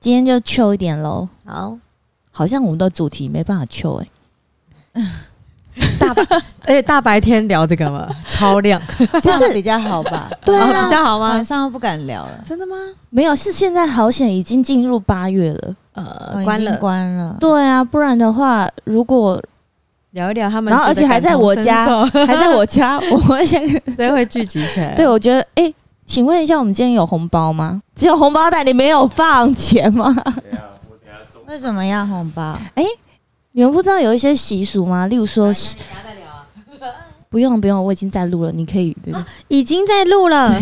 今天就 chill 一點嘍，好，好像我們的主題沒辦法 chill 哎、欸， 大而白且、 欸、大白天聊這個嘛， 超亮，就是這樣比較好吧，對啊，哦、比較好嗎？晚上又不敢聊了，真的嗎？沒有，是現在好險已經進入八月了，呃、關了關了，對啊，不然的話，如果聊一聊他們的，而且還在我家， 還在我家，我想等會聚集起來， 對我覺得哎。欸請問一下，我們今天有紅包嗎？只有紅包袋裡沒有放錢嗎？對啊，我等下為什麼要紅包？哎、欸，你們不知道有一些習俗嗎？例如說，啊啊、 不用不用，我已經在錄了，你可以。對吧啊、已經在錄了。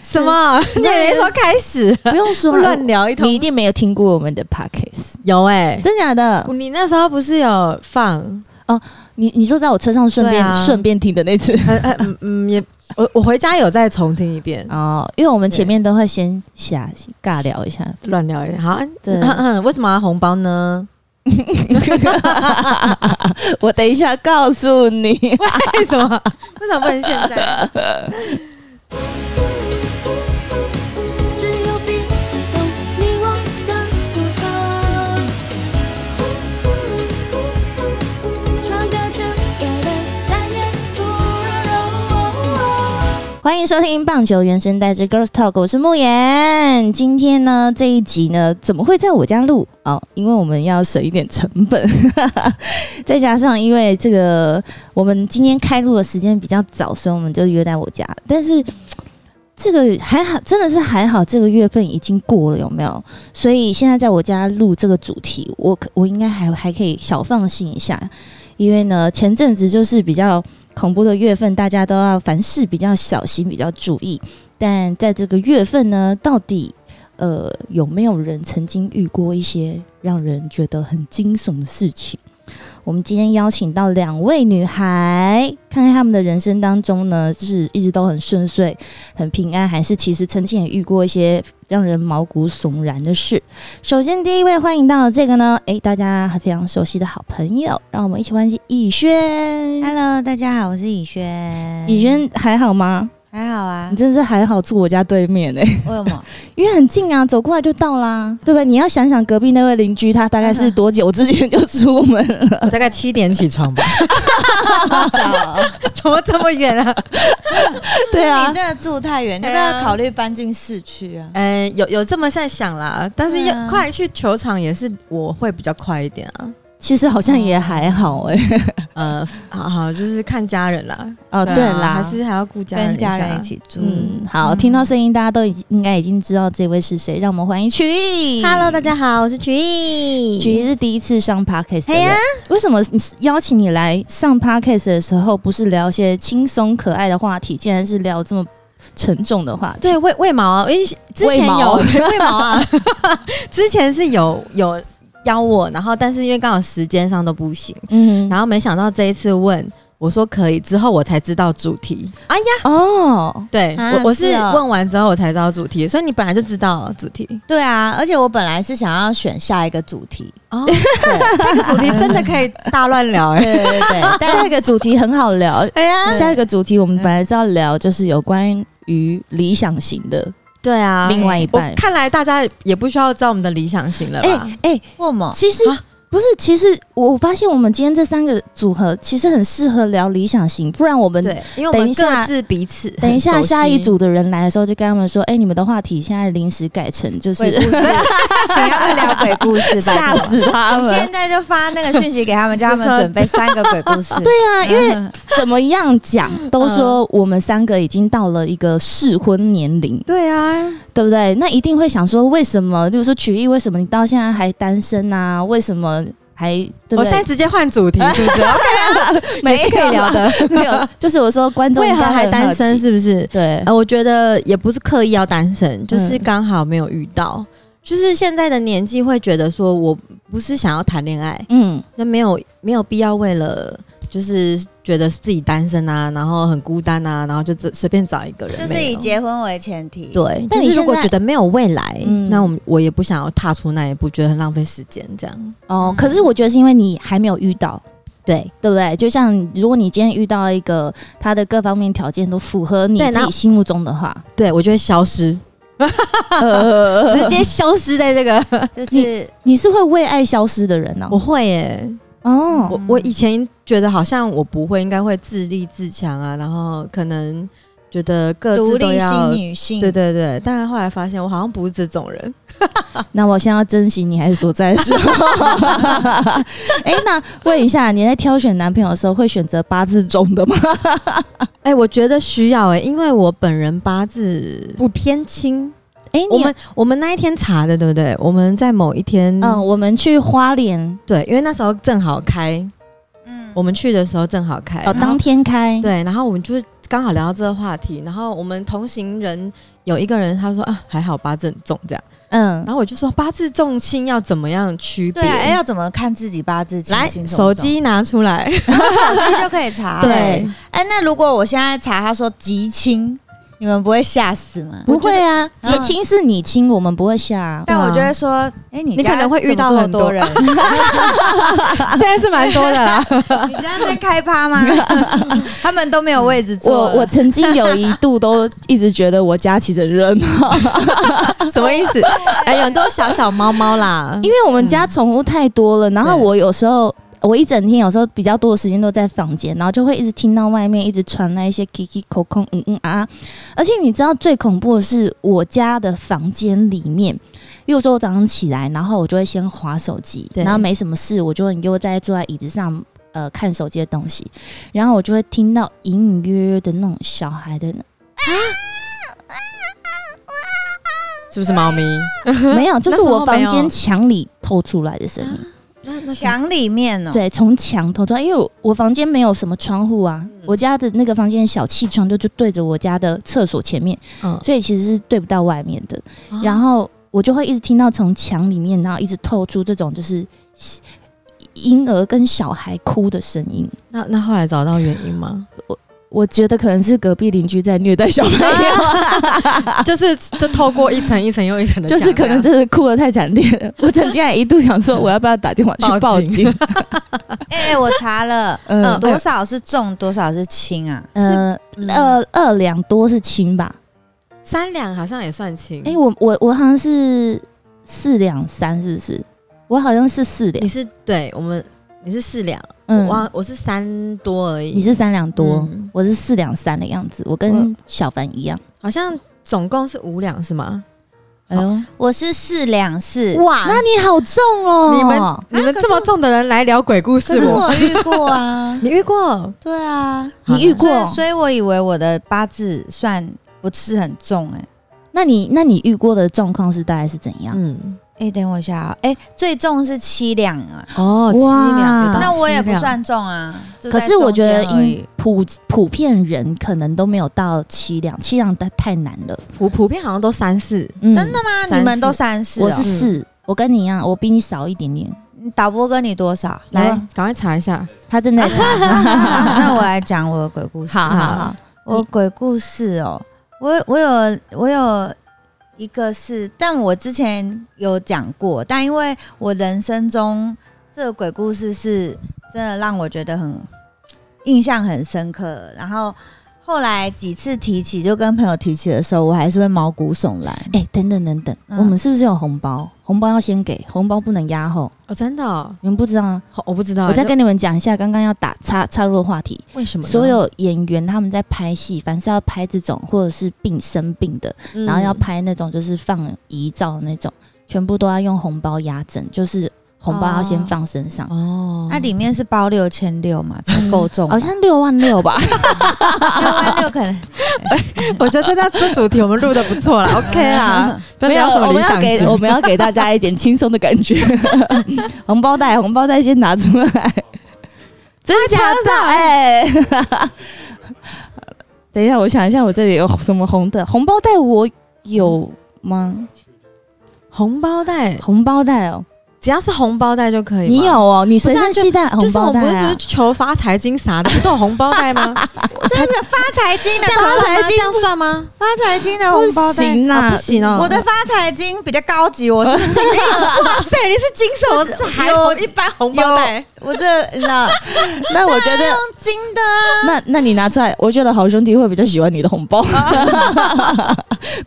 什麼？你也沒說開始。不用說、啊，亂聊一通。你一定沒有聽過我們的 Podcast。有哎、欸，真的假的？你那時候不是有放哦？你你坐在我車上順便順、啊、便聽的那次，啊啊、嗯嗯也，我我回家有再重聽一遍哦，因為我們前面都會先下尬聊一下，亂聊一下，好，對嗯嗯,嗯，為什麼要、啊、紅包呢？ 我等一下告訴你， 為什麼？ 為什麼不能現在？ 歡迎收聽棒球原聲帶之 Girls Talk，我是沐妍。今天呢，這一集呢，怎麼會在我家錄？哦，因為我們要省一點成本， 再加上因為這個，我們今天開錄的時間比較早，所以我們就約在我家。但是這個還好，真的是還好，這個月份已經過了，有沒有？所以現在在我家錄這個主題，我我應該還還可以小放心一下，因為呢，前陣子就是比較。恐怖的月份，大家都要凡事比較小心，比較注意。但在這個月份呢，到底呃有沒有人曾經遇過一些讓人覺得很驚悚的事情？我們今天邀請到兩位女孩，看看她們的人生當中呢，就是一直都很順遂、很平安，還是其實曾經也遇過一些讓人毛骨悚然的事？首先，第一位歡迎到了這個呢，哎、欸，大家還非常熟悉的好朋友，讓我們一起歡迎苡萱。Hello，大家好，我是苡萱。苡萱還好嗎？還好啊，你真是還好住我家對面哎、欸，為什麼？因為很近啊，走過來就到啦，對不對？你要想想隔壁那位鄰居，他大概是多久之前就出門了？ 我大概七點起床吧。 早、哦， 怎麼這麼遠啊？ 對啊， 你真的住太遠，要不要考慮搬進市區啊？哎、欸，有有這麼在想啦，但是要快去球場也是我會比較快一點啊。其實好像也還好哎、欸哦， 呃，好、啊、好就是看家人啦。哦、啊啊，對啦，還是還要顧家人，跟家人一起住。嗯，好，嗯、聽到聲音，大家都已經應該已經知道這位是誰，讓我們歡迎曲羿。Hello，大家好，我是曲羿。曲羿是第一次上 Podcast 哎呀，為什麼邀請你來上 Podcast 的時候不是聊一些輕鬆可愛的話題，竟然是聊這麼沉重的話題？對，為為毛、啊？因為之前有為毛, 毛啊？之前是有有。邀我，然後但是因為剛好時間上都不行，嗯，然後沒想到這一次問我說可以之後，我才知道主題。哎呀，oh, 啊、哦，對，我我是問完之後我才知道主題，所以你本來就知道主題。對啊，而且我本來是想要選下一個主題，一、oh, 下一個主題真的可以大亂聊， 對，對對對，對 下一個主題很好聊。哎呀，下一個主題我們本來是要聊就是有關於理想型的。對啊，另外一半，看來大家也不需要知道我們的理想型了吧？哎、欸，陌、欸、默，其實。啊不是，其實我發現我們今天這三個組合其實很適合聊理想型，不然我們等一下，對，因為我們各自彼此等一下下一組的人來的時候就跟他們說，哎、欸，你們的話題現在臨時改成就是想要事， 要聊鬼故事吧，嚇死他們！現在就發那個訊息給他們，叫他們準備三個鬼故事。 對啊，嗯、因為怎麼樣講都說我們三個已經到了一個適婚年齡、嗯，對啊，對不對？那一定會想說，為什麼？就是說曲羿，為什麼你到現在還單身啊？為什麼？還對對，我現在直接換主題是不是 ？OK、啊、也是可以聊的。 沒有，就是我說觀眾為何還單身，是不是？ 對、呃，我覺得也不是刻意要單身，就是剛好沒有遇到，嗯、就是現在的年紀會覺得說，我不是想要談戀愛，嗯，那沒有沒有必要為了。就是覺得自己單身啊，然後很孤單啊，然後就隨隨便找一個人，就是以結婚為前提。對、但、就是如果覺得沒有未來，嗯、那我我也不想要踏出那一步，覺得很浪費時間這樣。哦、嗯，可是我覺得是因為你還沒有遇到，對，對不對？就像如果你今天遇到一個他的各方面條件都符合你自己心目中的話，對、對我就會消失， 直接消失在這個，就是你、你是會為愛消失的人呢？、啊？我會耶、欸。哦、嗯，我我以前覺得好像我不會，應該會自立自強啊，然後可能覺得各自都要女性，對對對，但是後來發現我好像不是這種人， 那我現在要珍惜你還是說再說？哎、 欸，那問一下，你在挑選男朋友的時候會選擇八字中的嗎？哎，我覺得需要哎，因為我本人八字不偏輕。哎、欸，你們我們我們那一天查的對不對？我們在某一天，嗯，我們去花蓮，對，因為那時候正好開，嗯，我們去的時候正好開，哦，當天開，對，然後我們就是剛好聊到這個話題，然後我們同行人有一個人他說啊，還好八字很重這樣，嗯，然後我就說八字重輕要怎麼樣區別？對啊，哎、欸，要怎麼看自己八字重輕？來，手機拿出來， 手機就可以查。對，哎、欸，那如果我現在查，他說極輕。你們不會嚇死嗎？不會啊，結親是你親、嗯，我們不會嚇、啊。但我覺得說，欸、你，家你可能會遇到很多人，多人 現在是蠻多的啦。 你家在開趴嗎？ 他們都沒有位置坐。我，我曾經有一度都一直覺得我家其實人 什麼意思？哎、 欸，很多小小貓貓啦， 因為我們家寵物太多了。然後我有時候。我一整天有時候比較多的時間都在房間，然後就會一直聽到外面一直傳來一些「嘰嘰」「空空」「嗯嗯啊」，而且你知道最恐怖的是我家的房間裡面，如果說我早上起來，然後我就會先滑手機，然後沒什麼事，我就會又在坐在椅子上呃看手機的東西，然後我就會聽到隱隱約約的那種小孩的啊，是不是貓咪？ 沒有，就是我房間牆裡透出來的聲音。那個牆裡面呢？對，從牆透出來，因為我我房間沒有什麼窗戶啊、嗯，我家的那個房間小氣窗就就對着我家的廁所前面，嗯，所以其實是對不到外面的，哦、然後我就會一直聽到從牆裡面，然後一直透出這種就是嬰兒跟小孩哭的聲音。那那後來找到原因嗎？我。我覺得可能是隔壁鄰居在虐待小朋友， 就是就透過一層一層又一層的， 就是可能真的哭得太慘烈了，我曾經一度想說我要不要打電話去報警。哎，我查了 嗯，多少是重，多少是輕啊？嗯，呃、嗯，二兩多是輕吧？三兩好像也算輕。哎，我我我好像是四兩三，是不是？我好像是四兩，你是對我們。你是四兩，嗯，我我是三多而已。你是三兩多，嗯，我是四兩三的樣子。我跟小凡一樣，好像總共是五兩是嗎？嗯，哎呦，我是四兩四。哇，那你好重哦，喔！你們，啊，你們這麼重的人來聊鬼故事嗎？我遇過啊， 你遇過？對啊，你遇過 所，所以我以為我的八字算不是很重哎，欸。那你那你遇過的狀況是大概是怎樣？嗯。哎、欸，等我一下啊、喔！哎、欸，最重是七兩啊！哦，七兩，那我也不算重啊。可是我覺得，普普遍人可能都沒有到七兩，七兩太太難了。普普遍好像都三四，嗯、真的嗎？你們都三四、喔？我是四、嗯，我跟你一樣，我比你少一點點。導播哥，你多少？啊、來，趕快查一下，他正在查、啊。 啊、哈 那我來講我的鬼故事。好好好，好，我的鬼故事哦、喔，我我有，我有。我有一個是，但我之前有講過，但因為我人生中這個鬼故事是真的讓我覺得很印象很深刻，然後。後來幾次提起，就跟朋友提起的時候，我還是會毛骨悚然。哎、欸，等等等等、嗯，我們是不是有紅包？紅包要先給，紅包不能壓後哦。真的、哦，你們不知道啊？我不知道，我再跟你們講一下剛剛要打插插入的話題。為什麼所有演員他們在拍戲，凡是要拍這種或者是病生病的、嗯，然後要拍那種就是放遺照的那種，全部都要用紅包壓陣，就是。紅包要先放身上哦，那、啊、裡面是包六千六嘛，才夠重、嗯，好像六萬六吧， 六萬六可能。 我覺得這道這主題我們錄的不錯了 ，OK 啦、啊， 沒有什麼理想型，我們,給 我們要給大家一點輕鬆的感覺。 紅包袋，紅包袋先拿出來，真 假照哎。欸、 等一下，我想一下，我這裡有什麼紅的？紅包袋我有嗎？紅包袋，紅包袋哦。只要是紅包袋就可以。你有哦，你隨身攜帶紅包袋，啊啊就是，我們不是求發財金啥的，都、啊、有紅包袋嗎？這是發財金的發財金這樣算嗎？發財金的紅包袋行啊，不行哦，喔。我的發財金比較高級，我是金手。哇塞，你是金手，我是還有一般紅包袋？我這那 you know, 那我覺得，那那你拿出來， 我覺得好兄弟會比較喜歡你的紅包，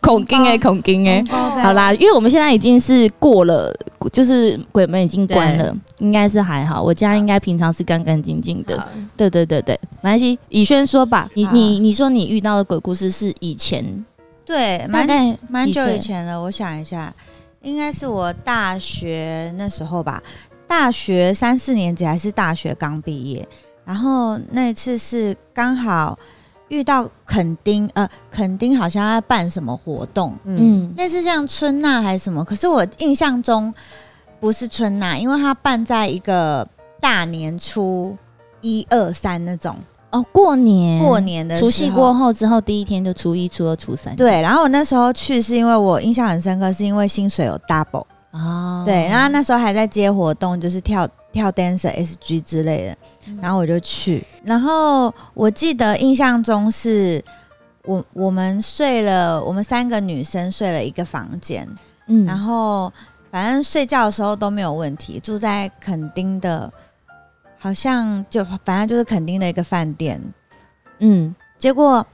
恐驚哎恐驚哎，好啦，因為我們現在已經是過了，就是鬼門已經關了，應該是還好，我家應該平常是乾乾淨淨的，對對對對，馬來西亞苡萱說吧，你你你說你遇到的鬼故事是以前，對，大概蠻久以前了以前，我想一下，應該是我大學那時候吧。大學三四年級還是大學剛畢業，然後那一次是剛好遇到墾丁，呃，墾丁好像要辦什麼活動，嗯，那是像春吶還是什麼？可是我印象中不是春吶，因為她辦在一個大年初一二三那種，哦，過年過年的時候，除夕過後之後第一天就初一、初二、初三，對。然後我那時候去是因為我印象很深刻，是因為薪水有 double。哦、oh，對，然後那時候還在接活動，就是跳跳 Dancer SG 之類的，然後我就去。然後我記得印象中是我我們睡了，我們三個女生睡了一個房間，嗯，然後反正睡覺的時候都沒有問題。住在墾丁的，好像就反正就是墾丁的一個飯店，嗯。結果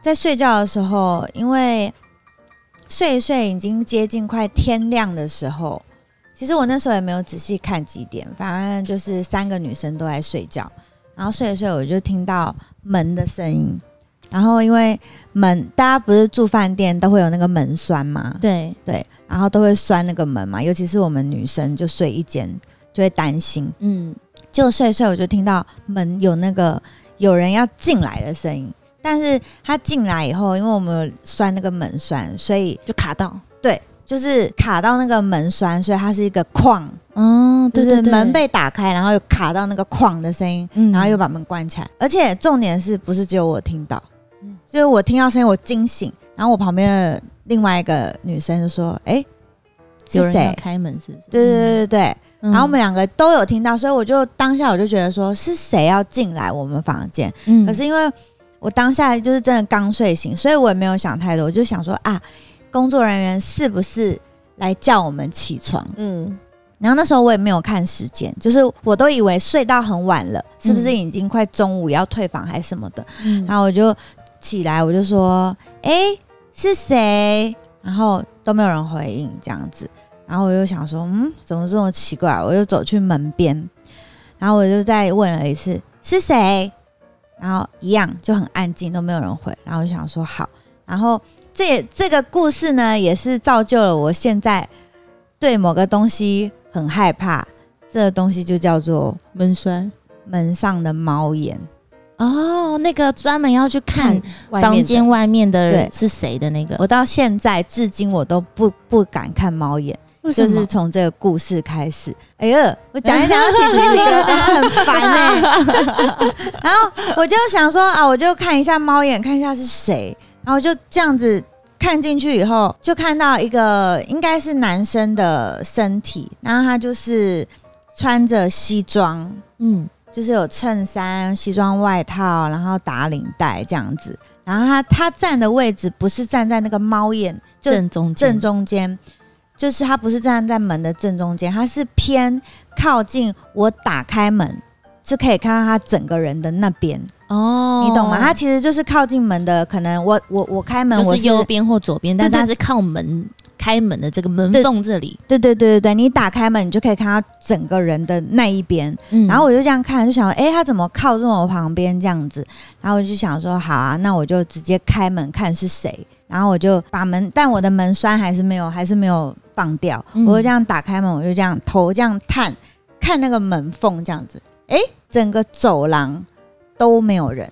在睡覺的時候，因為。睡一睡，已經接近快天亮的時候。其實我那時候也沒有仔細看幾點，反正就是三個女生都在睡覺。然後睡一睡，我就聽到門的聲音。然後因為門，大家不是住飯店都會有那個門栓嘛，對對，然後都會栓那個門嘛。尤其是我們女生就睡一間，就會擔心。嗯，就睡一睡，我就聽到門有那個有人要進來的聲音。但是他進來以後，因為我們有栓那個門栓，所以就卡到。對，就是卡到那個門栓，所以它是一個哐。嗯、哦，就是門被打開，然後又卡到那個哐的聲音，嗯，然後又把門關起來。而且重點是不是只有我聽到？嗯、就是我聽到聲音，我驚醒，然後我旁邊的另外一個女生就說：“哎，欸，有人要開門是不是？”對對對對對，嗯。然後我們兩個都有聽到，所以我就當下我就覺得說是誰要進來我們房間，嗯？可是因為。我當下就是真的剛睡醒，所以我也沒有想太多，我就想說啊，工作人員是不是來叫我們起床？嗯，然後那時候我也沒有看時間，就是我都以為睡到很晚了，是不是已經快中午要退房還是什麼的？嗯，然後我就起來，我就說，哎，欸，是誰？然後都沒有人回應這樣子，然後我就想說，嗯，怎麼這麼奇怪？我就走去門邊，然後我就再問了一次，是誰？然後一樣就很安靜，都沒有人回，然後就想說好。然後這這個故事呢，也是造就了我現在對某個東西很害怕。這個東西就叫做門栓，門上的貓眼。哦，那個專門要去看房間外面的人是誰的那個，我到現在至今我都不不敢看貓眼。就是從這個故事開始。哎呦，我講一講，其實我覺得很煩哎、欸。 然後我就想說啊，我就看一下貓眼，看一下是誰。然後就這樣子看進去以後，就看到一個應該是男生的身體。然後他就是穿着西裝，嗯，就是有襯衫、西裝外套，然後打領帶這樣子。然後他他站的位置不是站在那個貓眼就正中間正中間。就是他不是站在門的正中間，他是偏靠近我打開門就可以看到他整個人的那邊。哦，你懂嗎？他其實就是靠近門的，可能我我我開門、就是、我是右邊或左邊，但是他是靠門開門的這個門洞這裡。對對對對，對，你打開門，你就可以看到整個人的那一邊、嗯。然後我就這樣看，就想哎、欸，他怎麼靠在我旁邊這樣子？然後我就想說，好啊，那我就直接開門看是誰。然後我就把門，但我的門栓還是沒有，還是沒有。放掉，我就這樣打開門，我就這樣頭這樣探，看那個門縫這樣子，哎、欸，整個走廊都沒有人，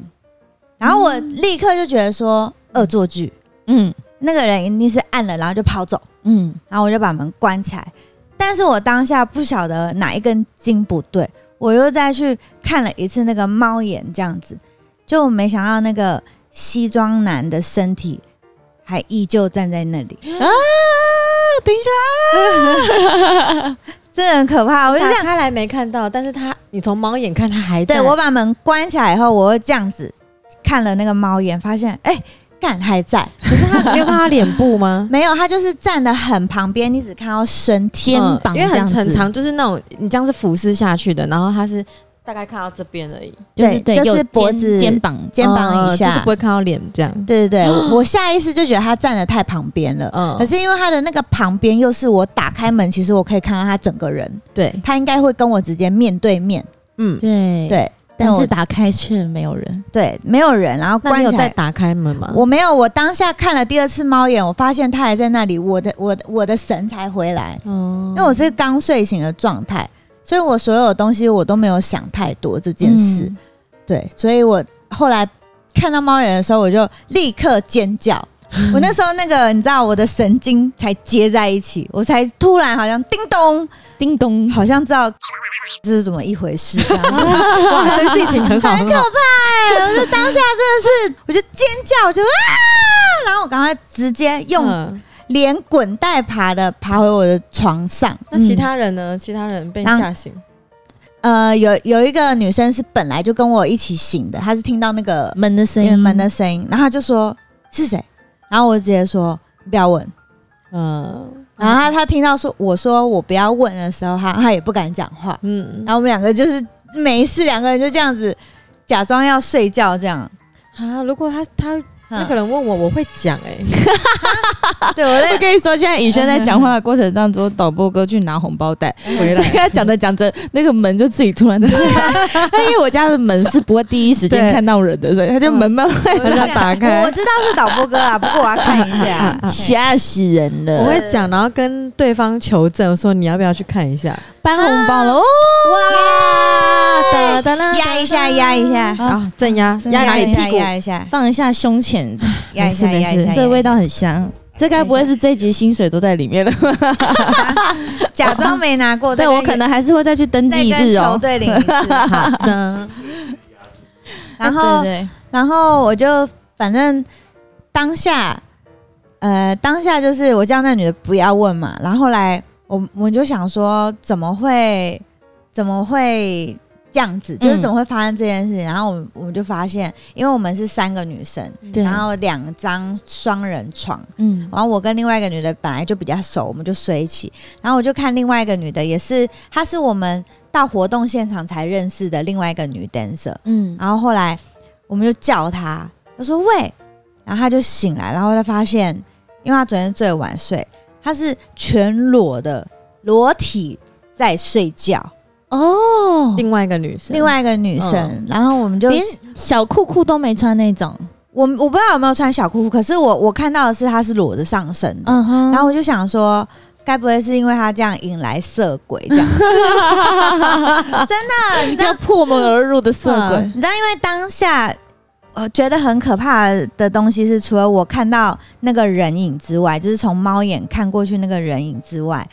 然後我立刻就覺得說惡、嗯、作劇，嗯，那個人一定是按了，然後就跑走，嗯，然後我就把門關起來，但是我當下不曉得哪一根筋不對，我又再去看了一次那個貓眼這樣子，就沒想到那個西裝男的身體還依舊站在那裡。啊等一下啊！這 很可怕，我就打開來沒看到，但是他，你從貓眼看他還在。對我把門關起來以後，我會這樣子看了那個貓眼，發現哎，幹、欸、還在。可是他你沒有看他臉部嗎？ 沒有，他就是站得很旁邊，你只看到身體肩膀，因為很長，就是那種你這樣子俯視下去的，然後他是。大概看到這邊而已，對就是對就是脖子、肩膀、肩膀以下，哦、就是不會看到臉這樣。對對對，我下意識就覺得他站得太旁邊了。嗯、哦，可是因為他的那個旁邊又是我打開門，其實我可以看到他整個人。對，他應該會跟我直接面對面。嗯，對對，但是但打開卻沒有人。對，沒有人。然後關起來，有打開門嗎？我沒有，我當下看了第二次貓眼，我發現他還在那裡。我的，我的，我的神才回來。哦、因為我是剛睡醒的狀態。所以我所有的東西我都沒有想太多這件事、嗯，對，所以我後來看到貓眼的時候，我就立刻尖叫。嗯、我那時候那個你知道我的神經才接在一起，我才突然好像叮咚叮咚，好像知道這是怎麼一回事，哇，的 事情很好， 很可怕哎、欸！ 我就當下真的是，我就尖叫，我就啊，然後我趕快直接用。嗯連滾帶爬的爬回我的床上。那其他人呢？嗯、其他人被嚇醒。呃，有有一個女生是本來就跟我一起醒的，她是聽到那個門的聲音，嗯，門的聲音，然後她就說是誰？然後我直接說不要問。嗯，然後她，她聽到說我說我不要問的時候，她她也不敢講話。嗯，然後我們兩個就是沒事，兩個人就這樣子假裝要睡覺，這樣啊。如果他他。你可能問我，我會講哎、欸， 對我，在我跟你說，現在苡萱在講話的過程當中，導播哥去拿紅包袋回來，他講着講着，那個門就自己突然打開， 因為我家的門是不會第一時間看到人的，所以他就門慢慢給打開。 我知道是導播哥啊，不過我要看一下，嚇 死、啊啊啊啊啊、人了！我會講，然後跟對方求證，說你要不要去看一下，搬紅包了哦、啊，哇！Yeah! 壓一下，壓一下啊，鎮壓，壓壓一下，一下，一下，一下，放一下胸前，壓一下，壓一,一、， 哎、一,一下。這味道很香。這該不會是這一集薪水都在裡面了、啊？假裝沒拿過，對我可能還是會再去登記一次喔，再跟球隊領一次喔、啊嗯嗯， 欸，對對然後，然後我就反正當下，呃，當下就是我叫那女的不要問嘛。然後後來我我就想說，怎麼會，怎麼會？這樣子，就是怎麼會發生這件事情？嗯，然後我們我們就發現，因為我們是三個女生，然後兩張雙人床，嗯，然後我跟另外一個女的本來就比較熟，我們就睡一起。然後我就看另外一個女的，也是她是我們到活動現場才認識的另外一個女 dancer，嗯，然後後來我們就叫她，她說喂，然後她就醒來，然後她發現，因為她昨天最晚睡，她是全裸的裸體在睡覺。哦、oh,，另外一個女生，另外一個女生，嗯、然後我們就連小褲褲都沒穿那種，我我不知道有沒有穿小褲褲，可是我我看到的是她是裸着上身的，uh -huh. 然後我就想說，該不會是因為她這樣引來色鬼這樣？ 真的，你知道破門而入的色鬼， 你知道，因為當下我覺得很可怕的東西是，除了我看到那個人影之外，就是從貓眼看過去那個人影之外。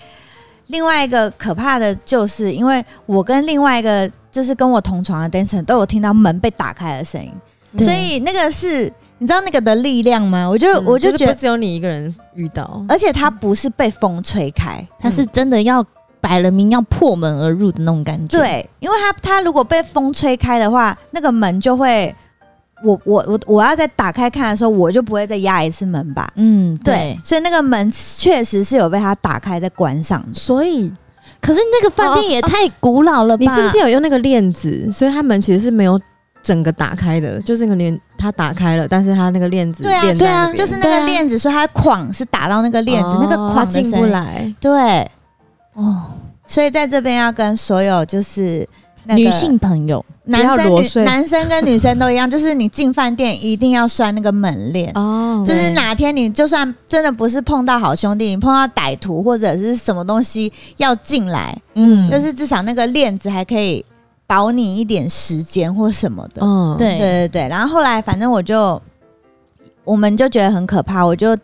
另外一個可怕的就是，因為我跟另外一個就是跟我同床的 Danson 都有聽到門被打開的聲音，所以那個是，你知道那個的力量嗎？我就、嗯、我就覺得、就是、只有你一個人遇到，而且它不是被風吹開，它、嗯、是真的要擺了明要破門而入的那種感覺。對，因為它它如果被風吹開的話，那個門就會。我我我我要再打開看的時候，我就不會再壓一次門吧？嗯，對，對所以那個門確實是有被他打開再關上。所以，可是那個飯店也太古老了吧，哦哦哦？你是不是有用那個鏈子？所以他門其實是沒有整個打開的，就是那個鏈它打開了，但是他那個鏈子變，對啊，對，就是那個鏈子，啊，所以他框是打到那個鏈子，哦，那個框進不,不來。對，哦，所以在這邊要跟所有就是。女性朋友，男生女、男生跟女生都一樣，就是你進飯店一定要拴那個門鏈哦。就是哪天你就算真的不是碰到好兄弟，你碰到歹徒或者是什麼東西要進來，嗯，就是至少那個鏈子還可以保你一點時間或什麼的。嗯，對對對，然後後來反正我就，我們就覺得很可怕，我就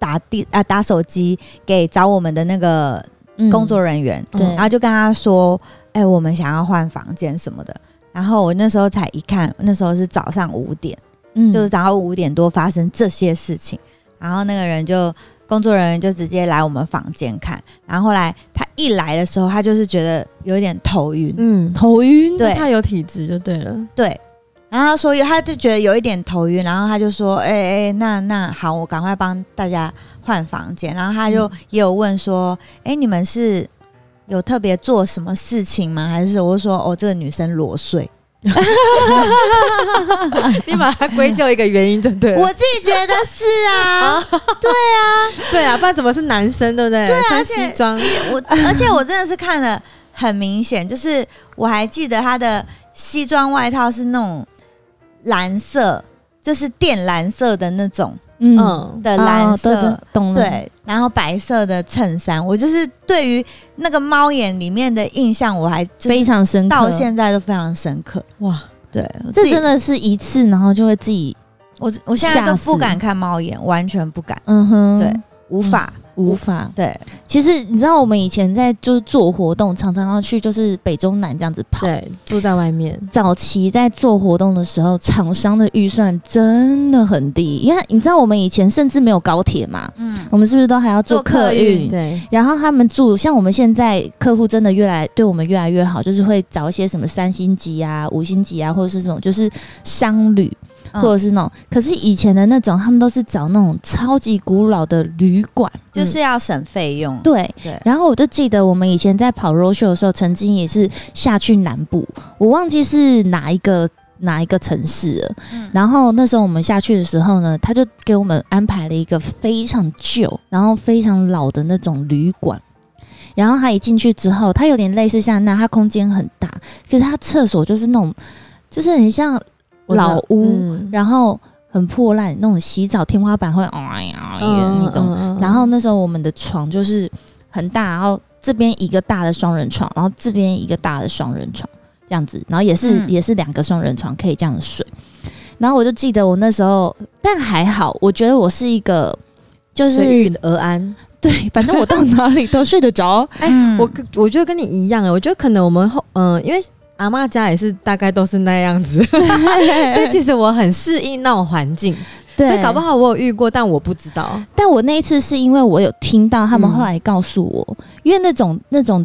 打電啊打手機給找我們的那個工作人員，對，然後就跟他說。哎、欸，我們想要換房間什麼的。然後我那時候才一看，那時候是早上五點，嗯，就是早上五點多發生這些事情。然後那個人就工作人員就直接來我們房間看。然後後來他一來的時候，他就是覺得有一點頭暈，嗯，頭暈，對，他有體質就對了，對。然後所以他就覺得有一點頭暈，然後他就說：“哎、欸、哎、欸，那那好，我趕快幫大家換房間。”然後他就也有問說：“哎、嗯欸，你們是？”有特別做什麼事情嗎？還是我說哦，這個女生裸睡， 你把它歸咎一個原因，針對？ 我自己覺得是啊，對啊， 對啊，不然怎麼是男生，對不對？對啊，穿西裝，而且我 而且我真的是看了很明顯，就是我還記得他的西裝外套是那種藍色，就是靛藍色的那種。嗯，嗯的藍色，哦對對，懂了，對，然後白色的襯衫，我就是對於那個貓眼裡面的印象，我還、就是、非常深刻，到現在都非常深刻。哇，對，這真的是一次，然後就會自己，我我現在都不敢看貓眼，完全不敢。嗯哼，對，無法。嗯無法，對，其實你知道我們以前在就是做活動，常常要去就是北中南這樣子跑，對，住在外面。早期在做活動的時候，廠商的預算真的很低，因為你知道我們以前甚至沒有高鐵嘛，嗯，我們是不是都還要坐客運？對，然後他們住像我們現在客戶真的越來對我們越來越好，就是會找一些什麼三星級啊、五星級啊，或者是這種就是商旅。或者是那種，嗯、可是以前的那種，他們都是找那種超級古老的旅館，就是要省費用，嗯。對，對。然後我就記得我們以前在跑 road show 的時候，曾經也是下去南部，我忘記是哪一個哪一個城市了。嗯、然後那時候我們下去的時候呢，他就給我們安排了一個非常舊、然後非常老的那種旅館。然後他一進去之後，他有點類似像那，他空間很大，可、就是他廁所就是那種，就是很像。老屋、嗯，然後很破爛，那種洗澡天花板會哎呀，那種、嗯嗯嗯。然後那時候我們的床就是很大，然後這邊一個大的雙人床，然後這邊一個大的雙人床，這樣子，然後也是、嗯、也是兩個雙人床可以這樣子睡。然後我就記得我那時候，但還好，我覺得我是一個就是隨遇而安。對，反正我到哪裡都睡得着。哎、 欸嗯，我我就跟你一樣，我覺得可能我們後嗯、呃，因為。阿嬤家也是大概都是那樣子， 所以其實我很適應那種環境。對，所以搞不好我有遇過，但我不知道。但我那一次是因為我有聽到他們後來告訴我，嗯，因為那種那種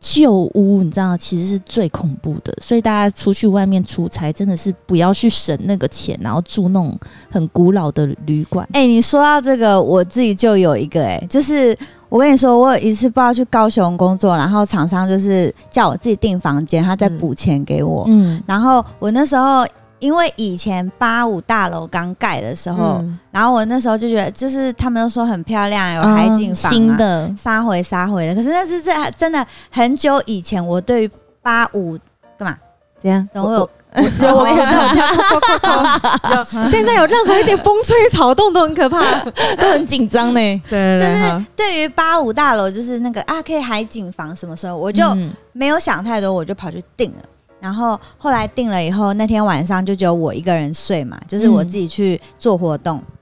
舊屋，你知道，其實是最恐怖的。所以大家出去外面出差，真的是不要去省那個錢，然後住那種很古老的旅館。誒、欸，你說到這個，我自己就有一個、欸，誒，就是。我跟你說，我有一次不知道去高雄工作，然後廠商就是叫我自己訂房間，他再補錢給我嗯。嗯，然後我那時候因為以前八五大樓剛蓋的時候、嗯，然後我那時候就覺得，就是他們都說很漂亮、欸，有海景房嘛、啊，沙、哦、回沙回的。可是那是真真的很久以前，我對八五幹嘛？怎樣？總會有。我 我 我有，我我 現在有任何一點風吹草動都很可怕， 都很緊張呢。對，就是對於八五大樓，就是那個阿 K、啊、海景房，什麼時候我就沒有想太多，我就跑去訂了。然後後來訂了以後，那天晚上就只有我一個人睡嘛，就是我自己去做活動。嗯、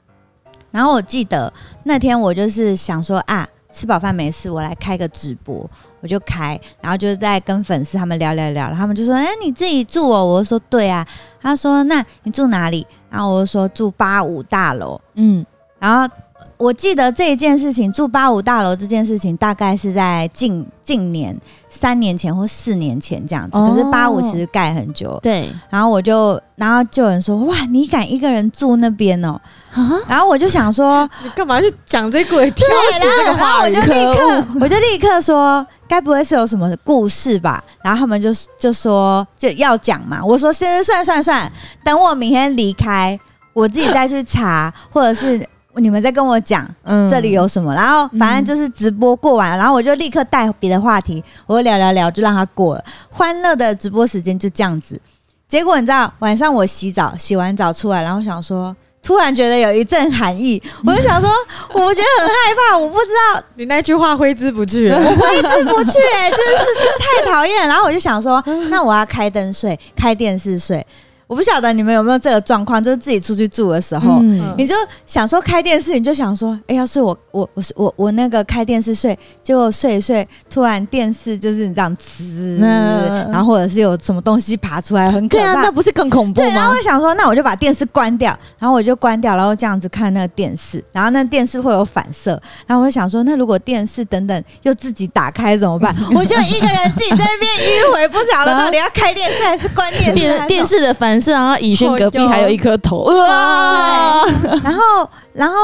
然後我記得那天我就是想說啊。吃飽飯沒事，我來開個直播，我就開，然後就在跟粉絲他們聊聊聊，他們就說：“哎，你自己住哦？”我就說：“對啊。”他說：“那你住哪裡？”然後我就說：“住八五大樓。”嗯，然後。我記得這一件事情，住八五大樓這件事情，大概是在近近年三年前或四年前這樣子。哦、可是八五其實蓋很久，對。然後我就，然後就有人說：“哇，你敢一個人住那邊哦、喔？”然後我就想說：“你幹嘛去講這鬼挑樓這個話語？”然後，然後我就立刻， 我就立刻說：“該不會是有什麼故事吧？”然後他們就就說：“就要講嘛。”我說：“先算算算，等我明天離開，我自己再去查， 或者是。”你們在跟我講、嗯，這裡有什麼？然後反正就是直播過完、嗯，然後我就立刻帶別的話題，我就聊聊聊，就讓他過了。歡樂的直播時間就這樣子。結果你知道，晚上我洗澡，洗完澡出來，然後想說，突然覺得有一陣寒意、嗯，我就想說，我覺得很害怕，嗯、我不知道。你那句話揮之不去，揮 之不去、欸，哎，真是太討厭。然後我就想說，那我要開燈睡，開電視睡。我不曉得你們有沒有這個狀況，就是自己出去住的時候，嗯、你就想說開電視，你就想說，哎，要是我我我我我那個開電視睡，結果睡一睡，突然電視就是你這樣滋，然後或者是有什麼東西爬出來，很可怕。對啊，那不是更恐怖嗎？對，然後我想說，那我就把電視關掉，然後我就關掉，然後這樣子看那個電視，然後那電視會有反射，然後我想說，那如果電視等等又自己打開怎麼辦？我就一個人自己在那邊迂迴，不曉得到底要開電視還是關電視。電電視的反射。是啊，苡萱隔壁還有一顆頭。Oh, 然後，然後，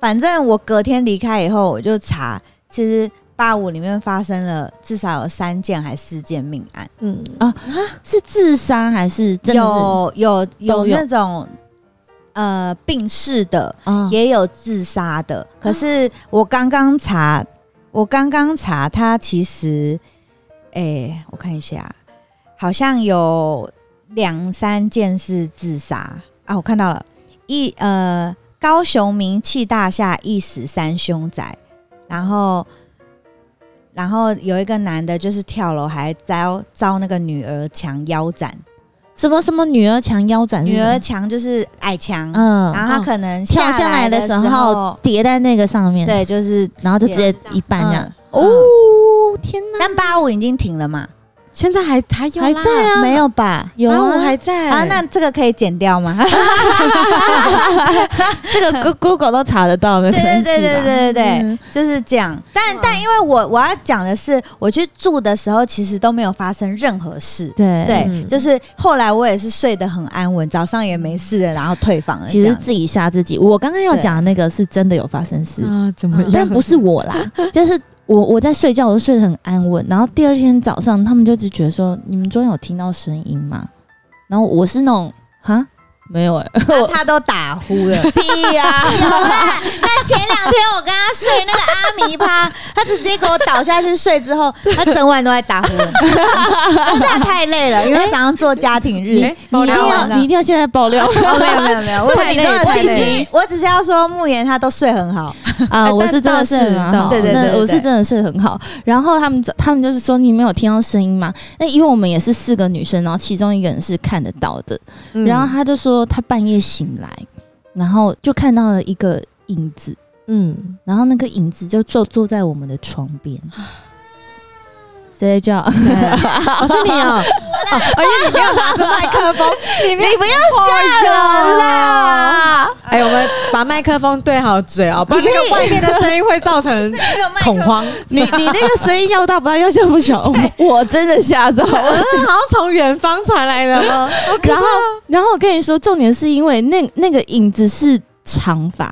反正我隔天離開以後，我就查，其實八五裡面發生了至少有三件還是四件命案。嗯啊是自殺還是,真的是有有有那種有呃病逝的，哦、也有自殺的。可是我剛剛查，我剛剛查，它其實，哎、欸，我看一下，好像有。兩三件事自殺啊！我看到了一呃，高雄名氣大廈一死三凶宅，然後然後有一個男的，就是跳樓還遭遭那個女兒牆腰斬，什麼什麼女兒牆腰斬，女兒牆就是矮牆，嗯，然後他可能下跳下來的時候疊在那個上面、啊，對，就是然後就直接一半這樣，哦、嗯嗯、天哪！三八五已經停了嘛？現在還還有啦？沒有吧？有、啊、我還在啊？那這個可以剪掉嗎？ 這個 Google 都查得到的，對對對對對對對，嗯、就是這樣。但但因為我我要講的是，我去住的時候其實都沒有發生任何事。對對、嗯，就是後來我也是睡得很安穩，早上也沒事的，然後退房了。其實是自己嚇自己。我剛剛要講那個是真的有發生事啊？怎麼樣？但不是我啦，就是。我我在睡覺，我都睡得很安穩。然後第二天早上，他們就只覺得說：“你們昨天有聽到聲音嗎？”然後我是那種哈，沒有哎、欸啊，他都打呼了 屁、啊。 屁呀、啊！ 不是 前兩天我跟他睡那個阿彌趴，他直接給我倒下去睡之後，他整晚都在打呼，真的那太累了，因為早上做家庭日。欸、你一定要你一定要現在爆料。沒有沒有沒有，我只我只我只是要說沐妍他都睡很好啊，我、呃、是真的睡很好、嗯，對對對，對，對，我是真的睡很好。然後他們他們就是說，你沒有聽到聲音嗎？那因為我們也是四個女生，然後其中一個人是看得到的，嗯、然後他就說他半夜醒來，然後就看到了一個。影子，嗯，然後那個影子就坐坐在我們的床邊。誰在叫？我、 哦、是你哦，而且，哦、 你不要拿着麥克風 你，你不要嚇人啦！哎，我們把麥克風對好嘴哦，那個外面的聲音會造成恐慌。你 你，你那個聲音要大不大？要小不小？我真的嚇到，我好像從遠方傳來的嗎？ 然後然後我跟你說，重點是因為那那個影子是長髮。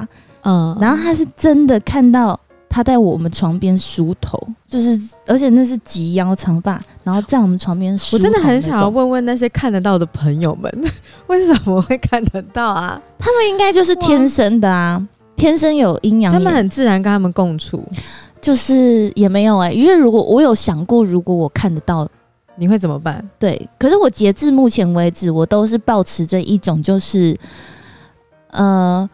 嗯、呃，然後他是真的看到他在我們床邊梳頭，就是而且那是及腰長髮，然後在我們床邊梳頭。我真的很想要問問那些看得到的朋友們，為什麼會看得到啊？他們應該就是天生的啊，天生有陰陽眼。他們很自然跟他們共處，就是也沒有哎、欸，因為如果我有想過，如果我看得到，你會怎麼辦？對，可是我截至目前為止，我都是保持着一種就是，呃。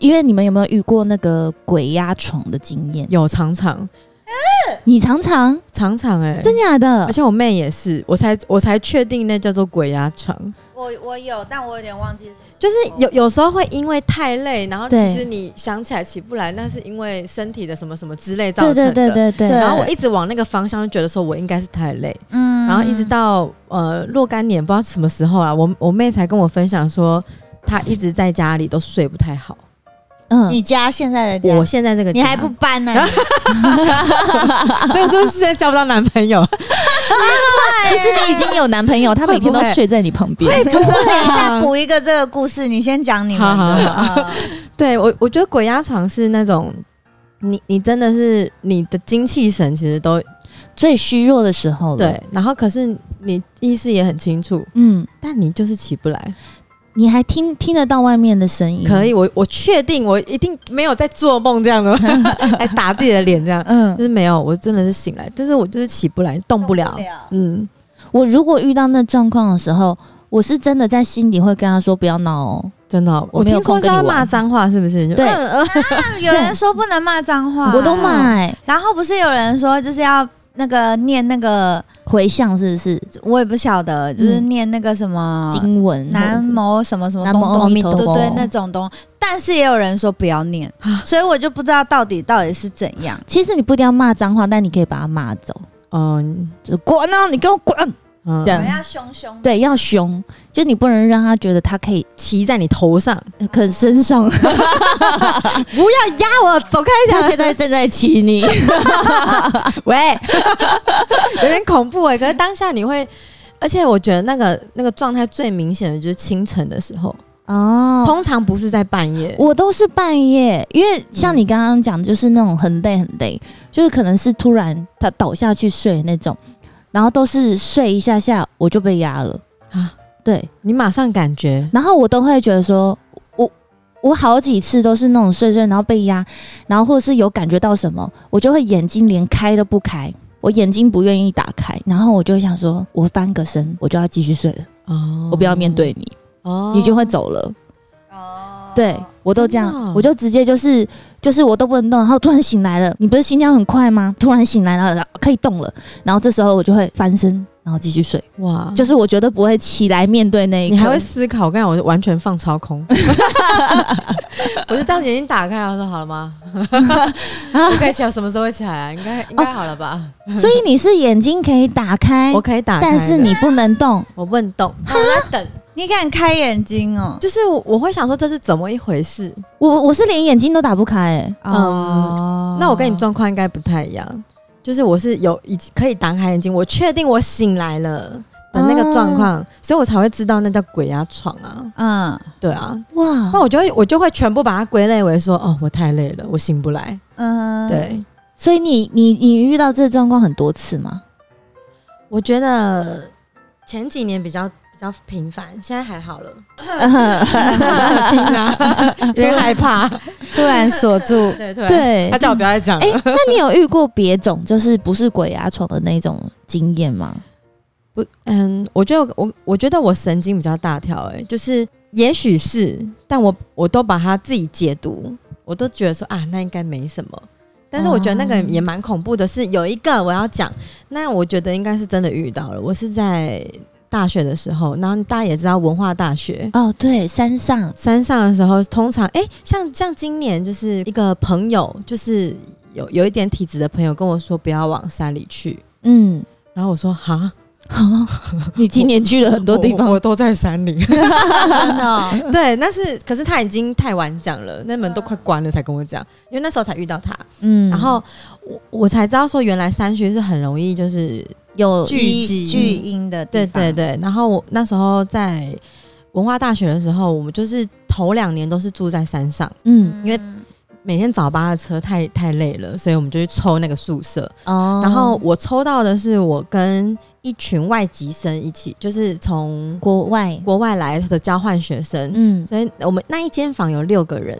因為你們有沒有遇過那個鬼壓床的經驗？有，常常、欸。你常常，常常、欸，哎，真的假的？而且我妹也是，我才，我才確定那叫做鬼壓床。我，我有，但我有點忘記。就是有有時候會因為太累，然後其實你想起來起不來，那是因為身體的什麼什麼之類造成的。對對對對對，對，對。然後我一直往那個方向覺得說，我應該是太累。嗯。然後一直到呃若干年不知道什麼時候啊，我我妹才跟我分享說，她一直在家裡都睡不太好。嗯、你家現在的我現在這個你還不搬呢？ 所以說現在交不到男朋友，啊 欸。其實你已經有男朋友，他每天都睡在你旁邊。對， 會，不過你等一下補一個這個故事，你先講你們的。好好嗯、對，我我覺得鬼壓床是那種，你你真的是你的精氣神其實都最虛弱的時候了。對，然後可是你意識也很清楚，嗯，但你就是起不來。你還聽聽得到外面的聲音？可以，我我確定我一定沒有在做夢這樣的， 還打自己的臉這樣，嗯，就是沒有，我真的是醒來，但是我就是起不來，動不了。嗯，我如果遇到那狀況的時候，我是真的在心底會跟他說不要鬧哦，真的，我沒有空聽說他罵髒話，是不是？對，嗯呃啊、有人說不能罵髒話，我都罵、欸嗯。然後不是有人說就是要。那個念那個回向是不是？我也不曉得、嗯，就是念那個什麼經文，南無什麼什麼東東，對對對，那種東。但是也有人說不要念，所以我就不知道到底到底是怎樣。其實你不一定要罵髒話，但你可以把他罵走。嗯，滾啊、喔！你給我滾！要凶凶，對，要凶，就你不能讓他覺得他可以騎在你頭上，啊、可身上， 不要壓壓我， 走開一下。他現在正在騎你， 喂， 有點恐怖哎、欸。可是當下你會，而且我覺得那個那個狀態最明顯的就是清晨的時候哦，通常不是在半夜，我都是半夜，因為像你剛剛講的，就是那種很累很累，就是可能是突然他倒下去睡那種。然後都是睡一下下，我就被壓了啊！對你馬上感覺，然後我都會覺得說，我我好幾次都是那種睡睡，然後被壓，然後或者是有感覺到什麼，我就會眼睛連開都不開，我眼睛不願意打開，然後我就想說，我翻個身，我就要繼續睡了哦，oh. 我不要面對你哦，你就會走了哦，oh. 對我都這樣，oh. 我就直接就是。就是我都不能動，然後突然醒來了。你不是心跳很快嗎？突然醒來了，然後可以動了。然後這時候我就會翻身，然後繼續睡。哇，就是我覺得不會起來面對那一刻。你還會思考？剛才我就完全放空。 我就這樣子眼睛打開，我說好了嗎？應 該 起來什麼時候會起來啊？應該應該、oh, 好了吧？ 所以你是眼睛可以打開，我可以打開，但是你不能動。我不能動， 等。你敢開眼睛哦？就是我，我會想說這是怎麼一回事。我我是連眼睛都打不開，欸 oh，嗯，那我跟你狀況應該不太一樣。就是我是有已可以打開眼睛，我確定我醒來了的那個狀況，oh，所以我才會知道那叫鬼壓床啊。嗯、oh，對啊，哇，wow！那我就會我就會全部把它歸類為說，哦，我太累了，我醒不來。嗯、oh，對。所以你你你遇到這狀況很多次嗎？我覺得，呃、前幾年比較、比較頻繁，現在還好了。經常有點害怕，突然鎖住。 對對對，對，他叫我不要再講了。嗯，欸，那你有遇過別種，就是不是鬼壓床的那種經驗嗎？不， 嗯，我就我我覺得我神經比較大條，哎，就是也許是，但我我都把它自己解讀，我都覺得說啊，那應該沒什麼。但是我覺得那個也蠻恐怖的是，是有一個我要講，那我覺得應該是真的遇到了，我是在。大學的時候，然後你大家也知道文化大學哦，對，山上山上的時候，通常哎、欸，像像今年就是一個朋友，就是有有一點體質的朋友跟我說，不要往山裡去。嗯，然後我說哈、哦，你今年去了很多地方，我，我，我，我都在山裡， 真的、哦。對，那是可是他已經太晚講了，那門都快關了才跟我講，因為那時候才遇到他。嗯，然後我我才知道說，原來山區是很容易就是。有巨集巨嬰的，對對對。然後我那時候在文化大學的時候，我們就是頭兩年都是住在山上，嗯，因為每天早八的車太太累了，所以我們就去抽那個宿舍。哦，然後我抽到的是我跟一群外籍生一起，就是從國外國外來的交換學生，嗯，所以我們那一間房有六個人，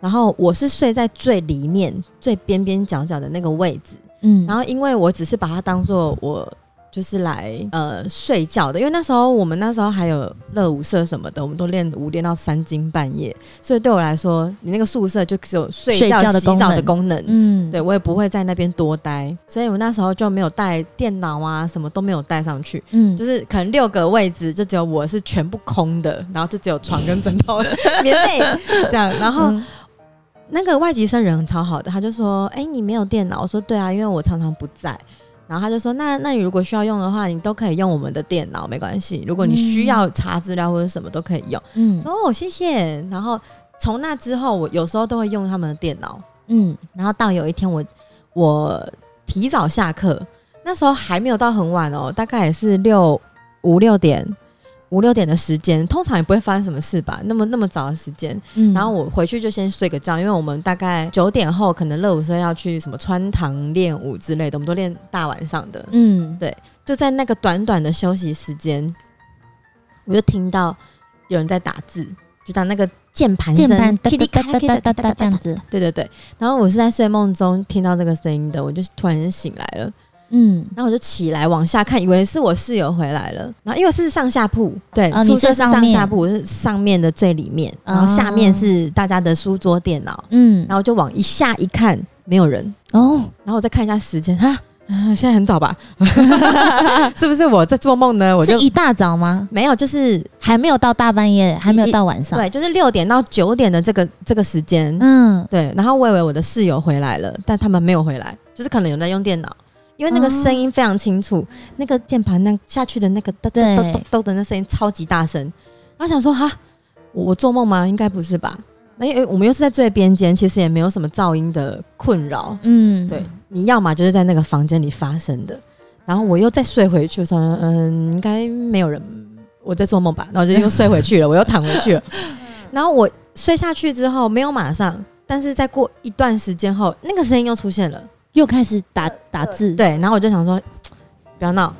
然後我是睡在最裡面最邊邊角角的那個位置。嗯，然後因為我只是把它當做我就是來呃睡覺的，因為那時候我們那時候還有樂舞社什麼的，我們都練舞練到三更半夜，所以對我來說，你那個宿舍就只有睡覺、睡覺的洗澡的功能。嗯，對我也不會在那邊多待，所以我那時候就沒有帶電腦啊什麼都沒有帶上去。嗯，就是可能六個位置就只有我是全部空的，然後就只有床跟枕頭、棉 被免費笑這樣，然後。嗯那個外籍生人超好的，他就說：“哎、欸，你沒有電腦？”我說：“對啊，因為我常常不在。”然後他就說：“那那你如果需要用的話，你都可以用我們的電腦，沒關係。如果你需要查資料或者什麼都可以用。”嗯，說：“我、哦、謝謝。”然後從那之後，我有時候都會用他們的電腦。嗯，然後到有一天我，我我提早下課，那時候還沒有到很晚哦，大概也是六五六點。五六點的時間，通常也不會發生什麼事吧？那麼那麼早的時間、嗯，然後我回去就先睡個覺，因為我們大概九點後可能熱舞社要去什麼穿堂練舞之類的，我們都練大晚上的。嗯，對，就在那個短短的休息時間，我就聽到有人在打字，就打那個鍵盤聲，滴滴噠噠噠噠這樣子。對對對，然後我是在睡夢中聽到這個聲音的，我就突然醒來了。嗯，然後我就起來往下看，以為是我室友回來了。然後因為是上下鋪，對，宿舍上下鋪是上面的最裡面，然後下面是大家的書桌電腦。嗯，然後我就往一下一看，沒有人哦。然後我再看一下時間哈，啊，現在很早吧？ 是不是我在做夢呢？我就一大早嗎？沒有，就是還沒有到大半夜，還沒有到晚上。對，就是六點到九點的這個這個時間。嗯，對。然後我以為我的室友回來了，但他們沒有回來，就是可能有人在用電腦。因為那個聲音非常清楚，哦、那個鍵盤那下去的那個噔噔噔噔的那聲音超級大聲，然後想說哈，我做夢嗎？應該不是吧？那因為我們又是在最邊間，其實也沒有什麼噪音的困擾。嗯，對，你要嘛就是在那個房間裡發生的。然後我又再睡回去，說嗯，應該沒有人，我再做夢吧。然後我就又睡回去了， 我又躺回去了。 然後我睡下去之後沒有馬上，但是再過一段時間後，那個聲音又出現了。又開始打打字，呃呃，對，然後我就想說，不要鬧，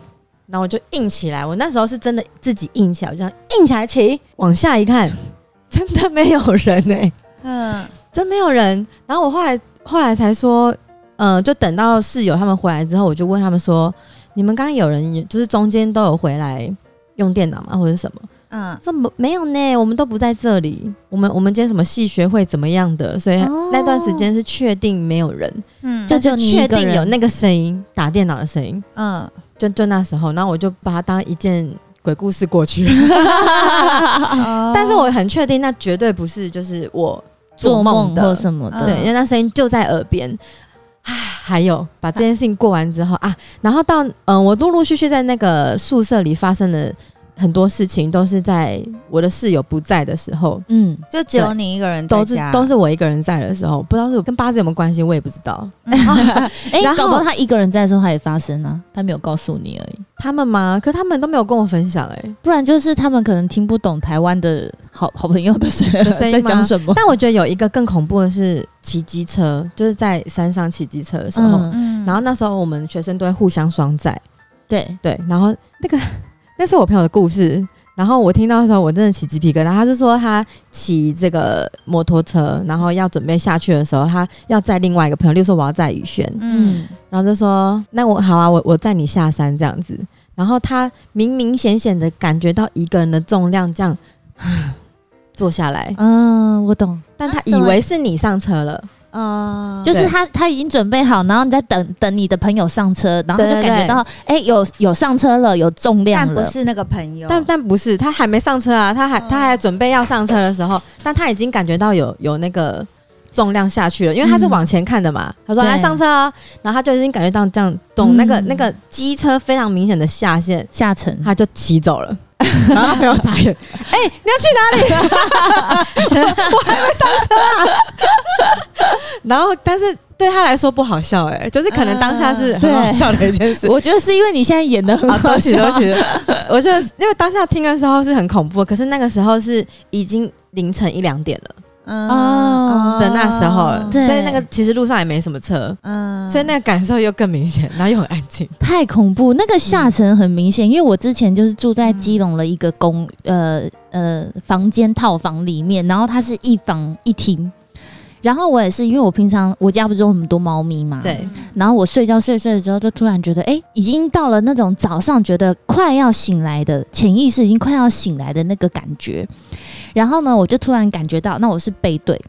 然後我就硬起來。我那時候是真的自己硬起來，我就想硬起來起，往下一看， 真的沒有人呢，欸，嗯、呃，真沒有人。然後我後來後來才說，嗯、呃，就等到室友他們回來之後，我就問他們說，你們剛剛有人，就是中間都有回來用電腦嗎，或者什麼？嗯，說沒沒有呢，我們都不在這裡。我們我們今天什麼系學會怎麼樣的，所以那段時間是確定沒有人。嗯，就就確定有那個聲音，打電腦的聲音。嗯，就就那時候，然後我就把它當一件鬼故事過去。嗯、 但是我很確定，那絕對不是就是我做夢的或什麼的，因、嗯、為那聲音就在耳邊。唉，還有把這件事情過完之後啊，然後到嗯、呃，我陸陸續續在那個宿舍裡發生了。很多事情都是在我的室友不在的時候，嗯，就只有你一個人在，都是都是我一個人在的時候，不知道是我跟八字有沒有關係，我也不知道。嗯啊 欸、然後他一個人在的時候，他也發生啊，他沒有告訴你而已。他們嗎？可他們都沒有跟我分享哎、欸，不然就是他們可能聽不懂台灣的好好朋友的聲音在講 什麼。但我覺得有一個更恐怖的是騎機車，就是在山上騎機車的時候、嗯嗯，然後那時候我們學生都會互相雙載，對對，然後那個。那是我朋友的故事，然後我聽到的時候，我真的起雞皮疙瘩。然後他就說他騎這個摩托車，然後要準備下去的時候，他要載另外一個朋友，就說我要載苡萱，嗯，然後就說那我好啊，我我載你下山這樣子。然後他明明顯顯的感覺到一個人的重量這樣坐下來，嗯，我懂，但他以為是你上車了。啊、嗯，就是他他已經準備好，然後你在等等你的朋友上車，然後他就感覺到哎、欸、有有上車了，有重量了，但不是那個朋友，但但不是他還沒上車啊，他還、嗯、他還準備要上車的時候，但他已經感覺到有有那個重量下去了，因為他是往前看的嘛，嗯、他說來上車，然後他就已經感覺到這樣動，嗯、那個那個機車非常明顯的下陷下沉，他就騎走了。然後他朋友傻眼， 哎、欸，你要去哪裡？ 我，我還沒上車啊。然後，但是對他來說不好笑、欸，哎，就是可能當下是很好笑的一件事、呃我。我覺得是因為你現在演的很好笑、啊，多謝我覺得因為當下聽的時候是很恐怖，可是那個時候是已經凌晨一兩點了。哦、oh,，的那時候，對，所以那個其實路上也沒什麼車，嗯、uh,，所以那個感受又更明顯，然後又很安靜，太恐怖。那個下沉很明顯、嗯，因為我之前就是住在基隆的一個公，嗯、呃呃，房間套房裡面，然後它是一房一廳，然後我也是因為我平常我家不是有很多貓咪嘛，對，然後我睡覺睡睡覺的時候，就突然覺得，哎、欸，已經到了那種早上覺得快要醒來的潛意識已經快要醒來的那個感覺。然後呢，我就突然感覺到，那我是背對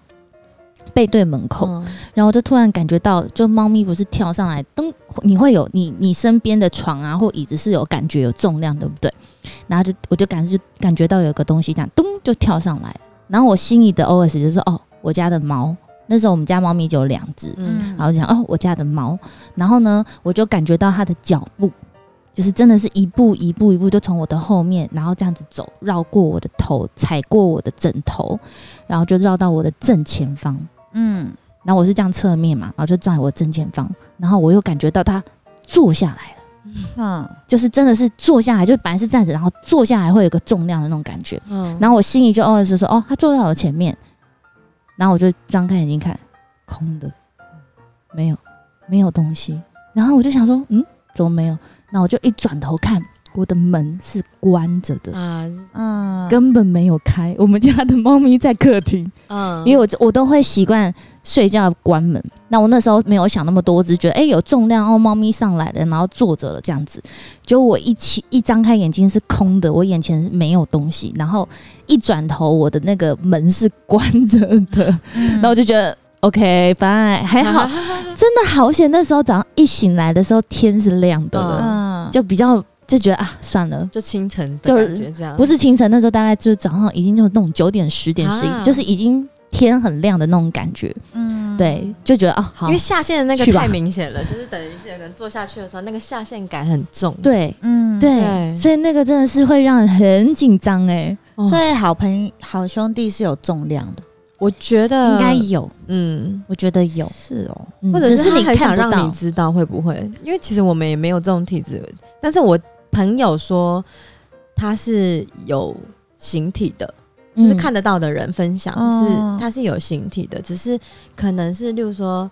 背對門口、嗯，然後我就突然感覺到，就貓咪不是跳上來，噔，你會有你你身邊的床啊或椅子是有感覺有重量，對不對？然後就我就感覺就感覺到有個東西這樣咚就跳上來，然後我心裡的 OS 就是哦，我家的貓，那時候我們家貓咪就有兩隻，嗯，然後就想哦，我家的貓，然後呢，我就感覺到它的腳步。就是真的是一步一步一步，就從我的後面，然後這樣子走，繞過我的頭，踩過我的枕頭，然後就繞到我的正前方。嗯，然後我是這樣側面嘛，然後就站在我正前方，然後我又感覺到他坐下來了。嗯，就是真的是坐下來，就是、本來是站着，然後坐下來會有個重量的那種感覺。嗯，然後我心裡就 OS 說哦，他坐在我的前面，然後我就張開眼睛看，空的，沒有，沒有東西。然後我就想說，嗯，怎麼沒有？那我就一轉頭看，我的門是關着的啊，啊、uh, uh，根本沒有開。我們家的貓咪在客廳，uh, 因為我我都會習慣睡覺關門。那我那時候沒有想那麼多，只覺得哎、欸，有重量哦，貓咪上來了，然後坐着了這樣子。就我一起一張開眼睛是空的，我眼前是沒有東西。然後一轉頭，我的那個門是關着的，那、uh, 我就覺得。OK，拜拜。還好，真的好險。那時候早上一醒來的時候，天是亮的了，就比較就覺得啊，算了，就清晨，就是這樣。不是清晨，那時候大概就早上已經就是那種九點、十點、十一，就是已經天很亮的那種感覺。嗯，對，就覺得啊，好，因為下陷的那個太明顯了，就是等於是有人坐下去的時候，那個下陷感很重。對，嗯對對，對，所以那個真的是會讓人很緊張哎。所以，好朋友好兄弟是有重量的。我覺得應該有，嗯，我覺得有，是哦，嗯、或者是他很想讓你知道會不會不？因為其實我們也沒有這種體質，但是我朋友說他是有形體的、嗯，就是看得到的人分享是他是有形體的、嗯，只是可能是例如說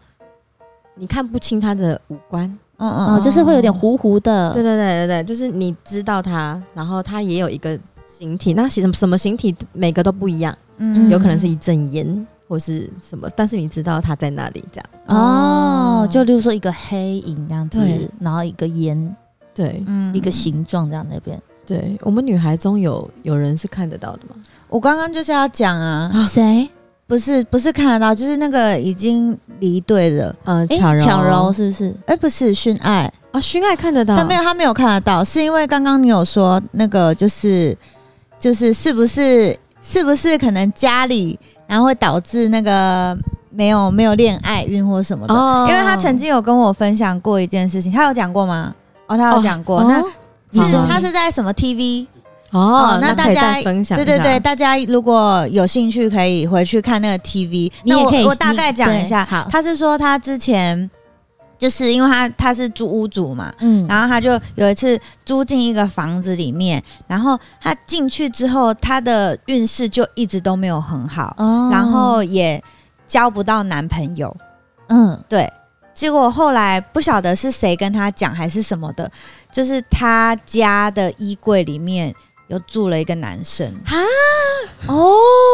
你看不清他的五官，嗯嗯、哦哦哦哦，就是會有點糊糊的、嗯，對對對對對，就是你知道他，然後他也有一個形體，那什麼什麼形體，每個都不一樣。嗯，有可能是一陣煙或是什麼，但是你知道他在那裡這樣哦，哦，就比如說一個黑影這樣子，對，然後一個煙，對、嗯，一個形狀這樣那邊。對，我們女孩中有有人是看得到的嗎？我剛剛就是要講啊，誰、啊？不是不是看得到，就是那個已經離隊了，呃，巧柔、欸、巧柔是不是？哎、欸，不是，熏愛啊，熏愛看得到，他沒有，他沒有看得到，是因為剛剛你有說那個就是就是是不是？是不是可能家裡，然後會導致那個沒有沒有戀愛運或什麼的，哦。因為他曾經有跟我分享過一件事情，他有講過嗎？哦，他有講過。哦。那是，哦，他是在什麼 TV？哦，哦，那大家那對對對，大家如果有興趣可以回去看那個 TV。那我我大概講一下，他是說他之前。就是因為他他是租屋主嘛，嗯，然後他就有一次租進一個房子裡面，然後他進去之後，他的運勢就一直都沒有很好，哦，然後也交不到男朋友。嗯，對。結果後來不曉得是誰跟他講還是什麼的，就是他家的衣櫃裡面。又住了一個男生啊。哦、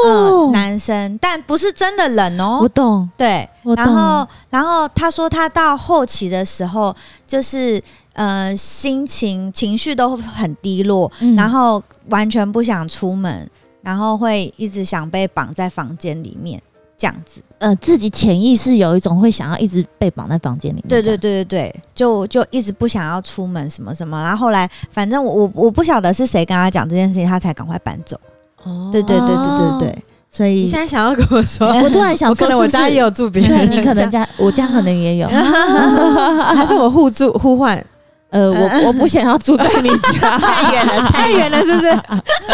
呃，男生，但不是真的冷哦。我懂，對，我懂。然後，然後他說他到後期的時候，就是呃，心情情緒都很低落，嗯，然後完全不想出門，然後會一直想被綁在房間裡面。這樣子，呃，自己潛意識有一種會想要一直被綁在房間裡面，對對對對對，就就一直不想要出門什麼什麼，然後後來反正我我我不曉得是誰跟他講這件事情，他才趕快搬走。哦，對對對對對對，所以你現在想要跟我說，欸，我突然想，可能我家也有住別人，住人，你可能家我家可能也有， 還是我互助互換。呃，我我不想要住在你家， 太遠了，太遠了，是不是？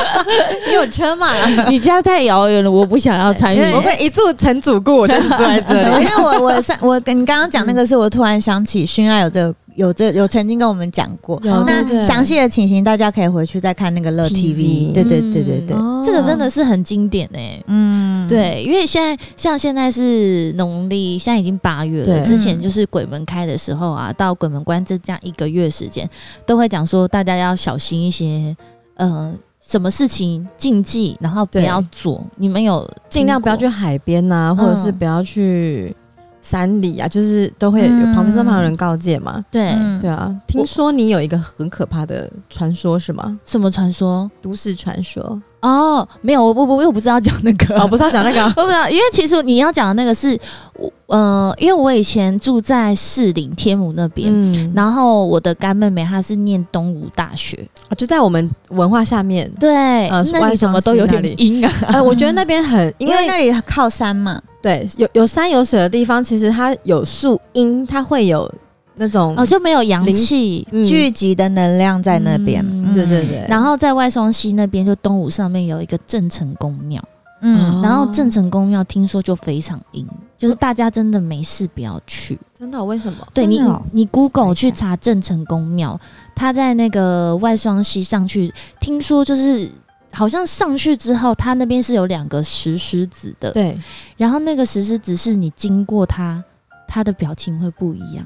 你有車嗎？ 你家太遙遠了，我不想要參與。我會一住成主顧，我就住在這裡。 但是 因為我我上我跟你剛剛講那個，是我突然想起熏愛有這個。有這有曾經跟我們講過，那詳細的情形大家可以回去再看那個樂 TV、嗯。對對對對對，這個真的是很經典哎、欸。嗯，對，因為現在像現在是農曆，現在已經八月了，之前就是鬼門開的時候啊，嗯、到鬼門關這這樣一個月時間，都會講說大家要小心一些，呃，什麼事情禁忌，然後不要做。你們有儘量不要去海邊吶、啊，或者是不要去。嗯山裡啊，就是都會有旁邊身旁的人告誡嘛。嗯、對、嗯、對啊，聽說你有一個很可怕的傳說，是嗎？什麼傳說？都市傳說？哦，沒有，我不不我我又不知道講那個，哦，不知道講那個、啊，我不知道，因為其實你要講的那個是，我、呃、因為我以前住在士林天母那邊、嗯，然後我的乾妹妹她是念東吳大學，啊。就在我們文化下面。對，呃，那什麼都有點陰啊。哎、呃，我覺得那邊很、嗯，因，因為那裡靠山嘛。對，有有山有水的地方，其實它有樹蔭，它會有那種哦，就沒有陽氣聚集的能量在那邊、哦嗯嗯。對對對。然後在外雙溪那邊，就東吳上面有一個鄭成功廟，嗯，哦、然後鄭成功廟聽說就非常陰，就是大家真的沒事不要去。真的？為什麼？對你，你 Google 去查鄭成功廟，他在那個外雙溪上去，聽說就是。好像上去之後，他那邊是有兩個石獅子的，對。然後那個石獅子是你經過它，它的表情會不一樣，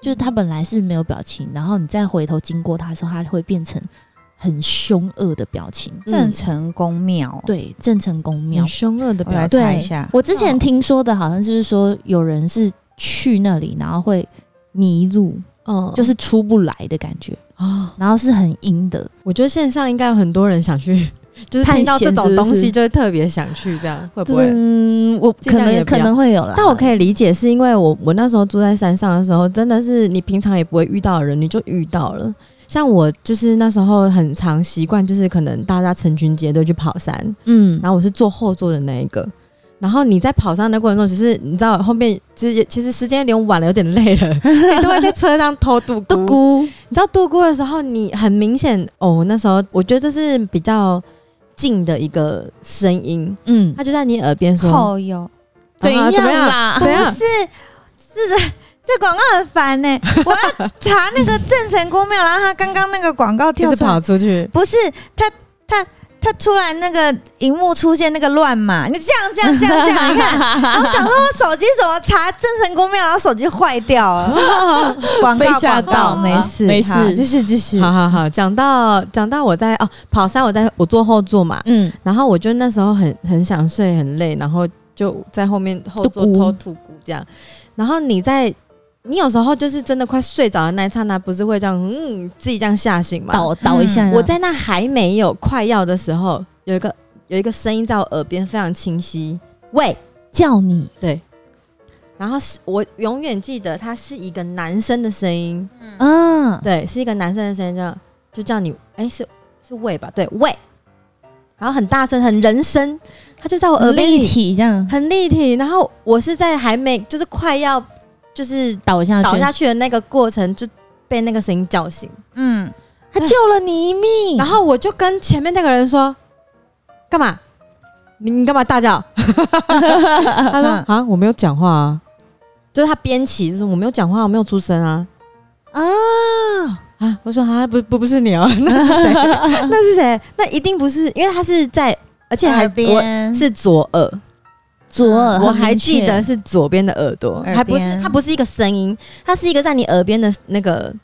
就是它本來是沒有表情，然後你再回頭經過它的時候，它會變成很凶惡的表情。鄭成功廟、嗯，對，鄭成功廟凶惡的表情。我來猜一下，我之前聽說的好像就是說，有人是去那裡，然後會迷路，嗯、哦，就是出不來的感覺、哦、然後是很陰的，我覺得線上應該有很多人想去。 就是看到這種東西，就會特別想去，這樣是不是會不會不？嗯，我可能可能會有啦。但我可以理解，是因為我我那時候住在山上的時候，真的是你平常也不會遇到的人，你就遇到了。像我就是那時候很常習慣，就是可能大家成群結隊去跑山，嗯，然後我是坐後座的那一個。然後你在跑山的過程中，其實你知道後面其實也其實時間有點晚了，有點累了， 都會在車上偷渡姑，你知道渡姑的時候，你很明顯哦，那時候我覺得這是比較。近的一個聲音，嗯，他就在你耳邊說：“好喲、啊，怎樣？怎麼樣？不是，是這廣告很煩呢、欸。 我要查那個鄭成功廟，然後他剛剛那個廣告跳出來，跑出去。不是，他他。”他突然那個熒幕出現那個亂碼，你這樣這樣這樣這樣，你看，然後想說我手機怎麼查正成功沒有，然後手機壞掉了，廣 告，廣告被嚇到，沒事沒事，就是就是，好好好，講到講到我在，在哦跑山，我在我坐後座嘛，嗯，然後我就那時候很很想睡很累，然後就在後面後座偷吐骨這樣，然後你在。你有時候就是真的快睡着的那一剎那，不是會這樣嗯，自己這樣嚇醒嗎？倒倒一下。我在那還沒有快要的時候，有一個有一個聲音在我耳邊非常清晰，喂，叫你。對。然後我永遠記得，他是一個男生的聲音嗯。嗯。對，是一個男生的聲音，這樣。就叫你，哎、欸，是是喂吧？對，喂。然後很大聲，很人聲，他就在我耳邊立體這樣，很立體。然後我是在還沒就是快要。就是倒下去倒下去的那個過程，就被那個聲音叫醒。嗯，他救了你一命。然後我就跟前面那個人說：“幹嘛？你你幹嘛大叫？”他說：“啊，我沒有講話啊，就是他編起，就是我沒有講話，我沒有出聲啊。”啊啊！我說：“啊，不不不是你哦，那是誰？那是誰？那一定不是，因為他是在，而且還我是左耳。”左、嗯，我還記得是左邊的耳朵，耳還不是它，不是一個聲音，它是一個在你耳邊的那個，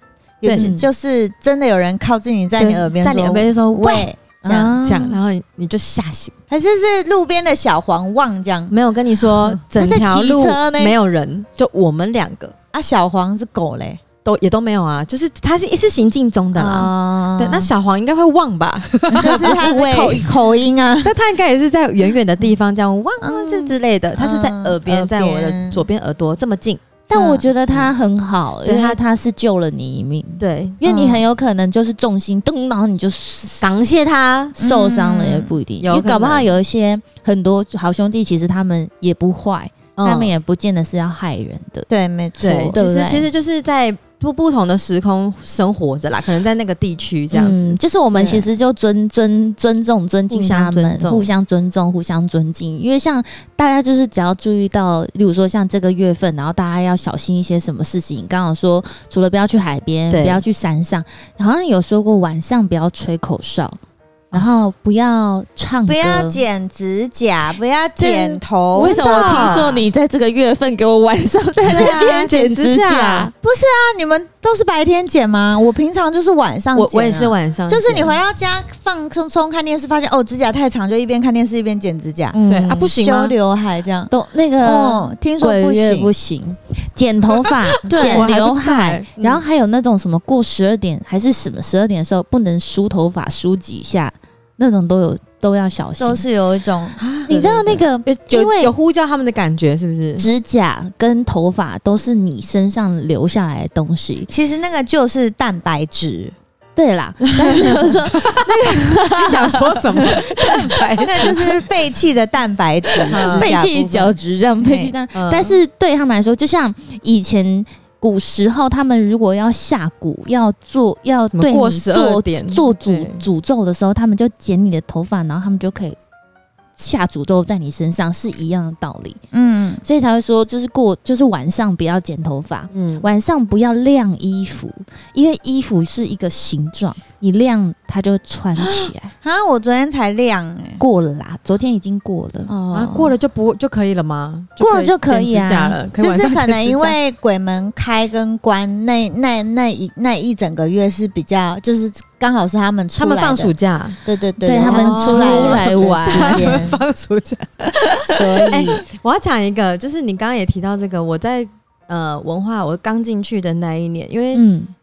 對，就是真的有人靠近你，在你耳邊，在你耳邊說喂，這樣、啊、這樣，然後你就嚇醒，還是是路邊的小黃汪這樣？沒有跟你說整條路沒有人，呃、就我們兩個啊，小黃是狗嘞。也都沒有啊，就是他是一次行進中的啦。嗯、對，那小黃應該會望吧？就是、他是口 口音啊，那他應該也是在遠遠的地方這樣望啊這、嗯、之類的。他是在耳邊，嗯、在我的左邊耳朵這麼近。嗯、但我覺得他很好，嗯、因為他他是救了你一命。嗯、對，因為你很有可能就是重心咚，然後你就感謝、嗯、他受傷了也不一定。有、嗯、搞不好有一些、嗯、很多好兄弟，其實他們也不壞，嗯、他們也不見得是要害人的。對，沒錯，其實其實就是在。不不同的時空生活着啦，可能在那個地區這樣子，嗯，就是我們其實就尊尊重尊、尊重、尊敬他們互相尊重、互相尊敬。因為像大家就是只要注意到，例如說像這個月份，然後大家要小心一些什麼事情。剛好說除了不要去海邊，不要去山上，好像有說過晚上不要吹口哨。然後不要唱歌，不要剪指甲，不要剪頭。為什麼我聽說你在這個月份，給我晚上在那邊剪指、啊、剪指甲？不是啊，你們都是白天剪嗎？我平常就是晚上剪，啊我。我也是晚上剪。就是你回到家放鬆鬆看電視，發現哦指甲太長，就一邊看電視一邊剪指甲。嗯、對啊，不行修劉海這樣都那個、哦，聽說不行，不行。剪頭髮、 對剪劉海、嗯，然後還有那種什麼過十二點還是什麼十二點的時候不能梳頭髮，梳幾下。那種都有都要小心，都是有一種你知道那個，對對對，因為有，有呼叫他們的感覺，是不是？指甲跟頭髮都是你身上留下來的東西。其實那個就是蛋白質，對啦。但是，就是說那個、 那個、你想說什麼 蛋白質？那就是廢棄的蛋白質，廢棄角質這樣廢棄蛋、嗯。但是對他們來說，就像以前。古時候，他們如果要下蠱，要做要對你做過十二點做詛詛咒的時候，他們就剪你的頭髮，然後他們就可以下詛咒在你身上，是一樣的道理。嗯，所以才會說，就是過就是晚上不要剪頭髮，嗯，晚上不要晾衣服，因為衣服是一個形狀。一亮，它就穿起來啊！我昨天才亮哎、欸，過了啦，昨天已經過了，嗯、啊，過了就不就可以了嗎？過了就可以，了、就是、可以啊可以，就是可能因為鬼門開跟關那那那，那一那一整個月是比較，就是剛好是他們出來他們放暑假，對對對，對他們出來玩，放暑假，所以、欸、我要講一個，就是你剛剛也提到這個，我在。呃，文化我剛進去的那一年，因為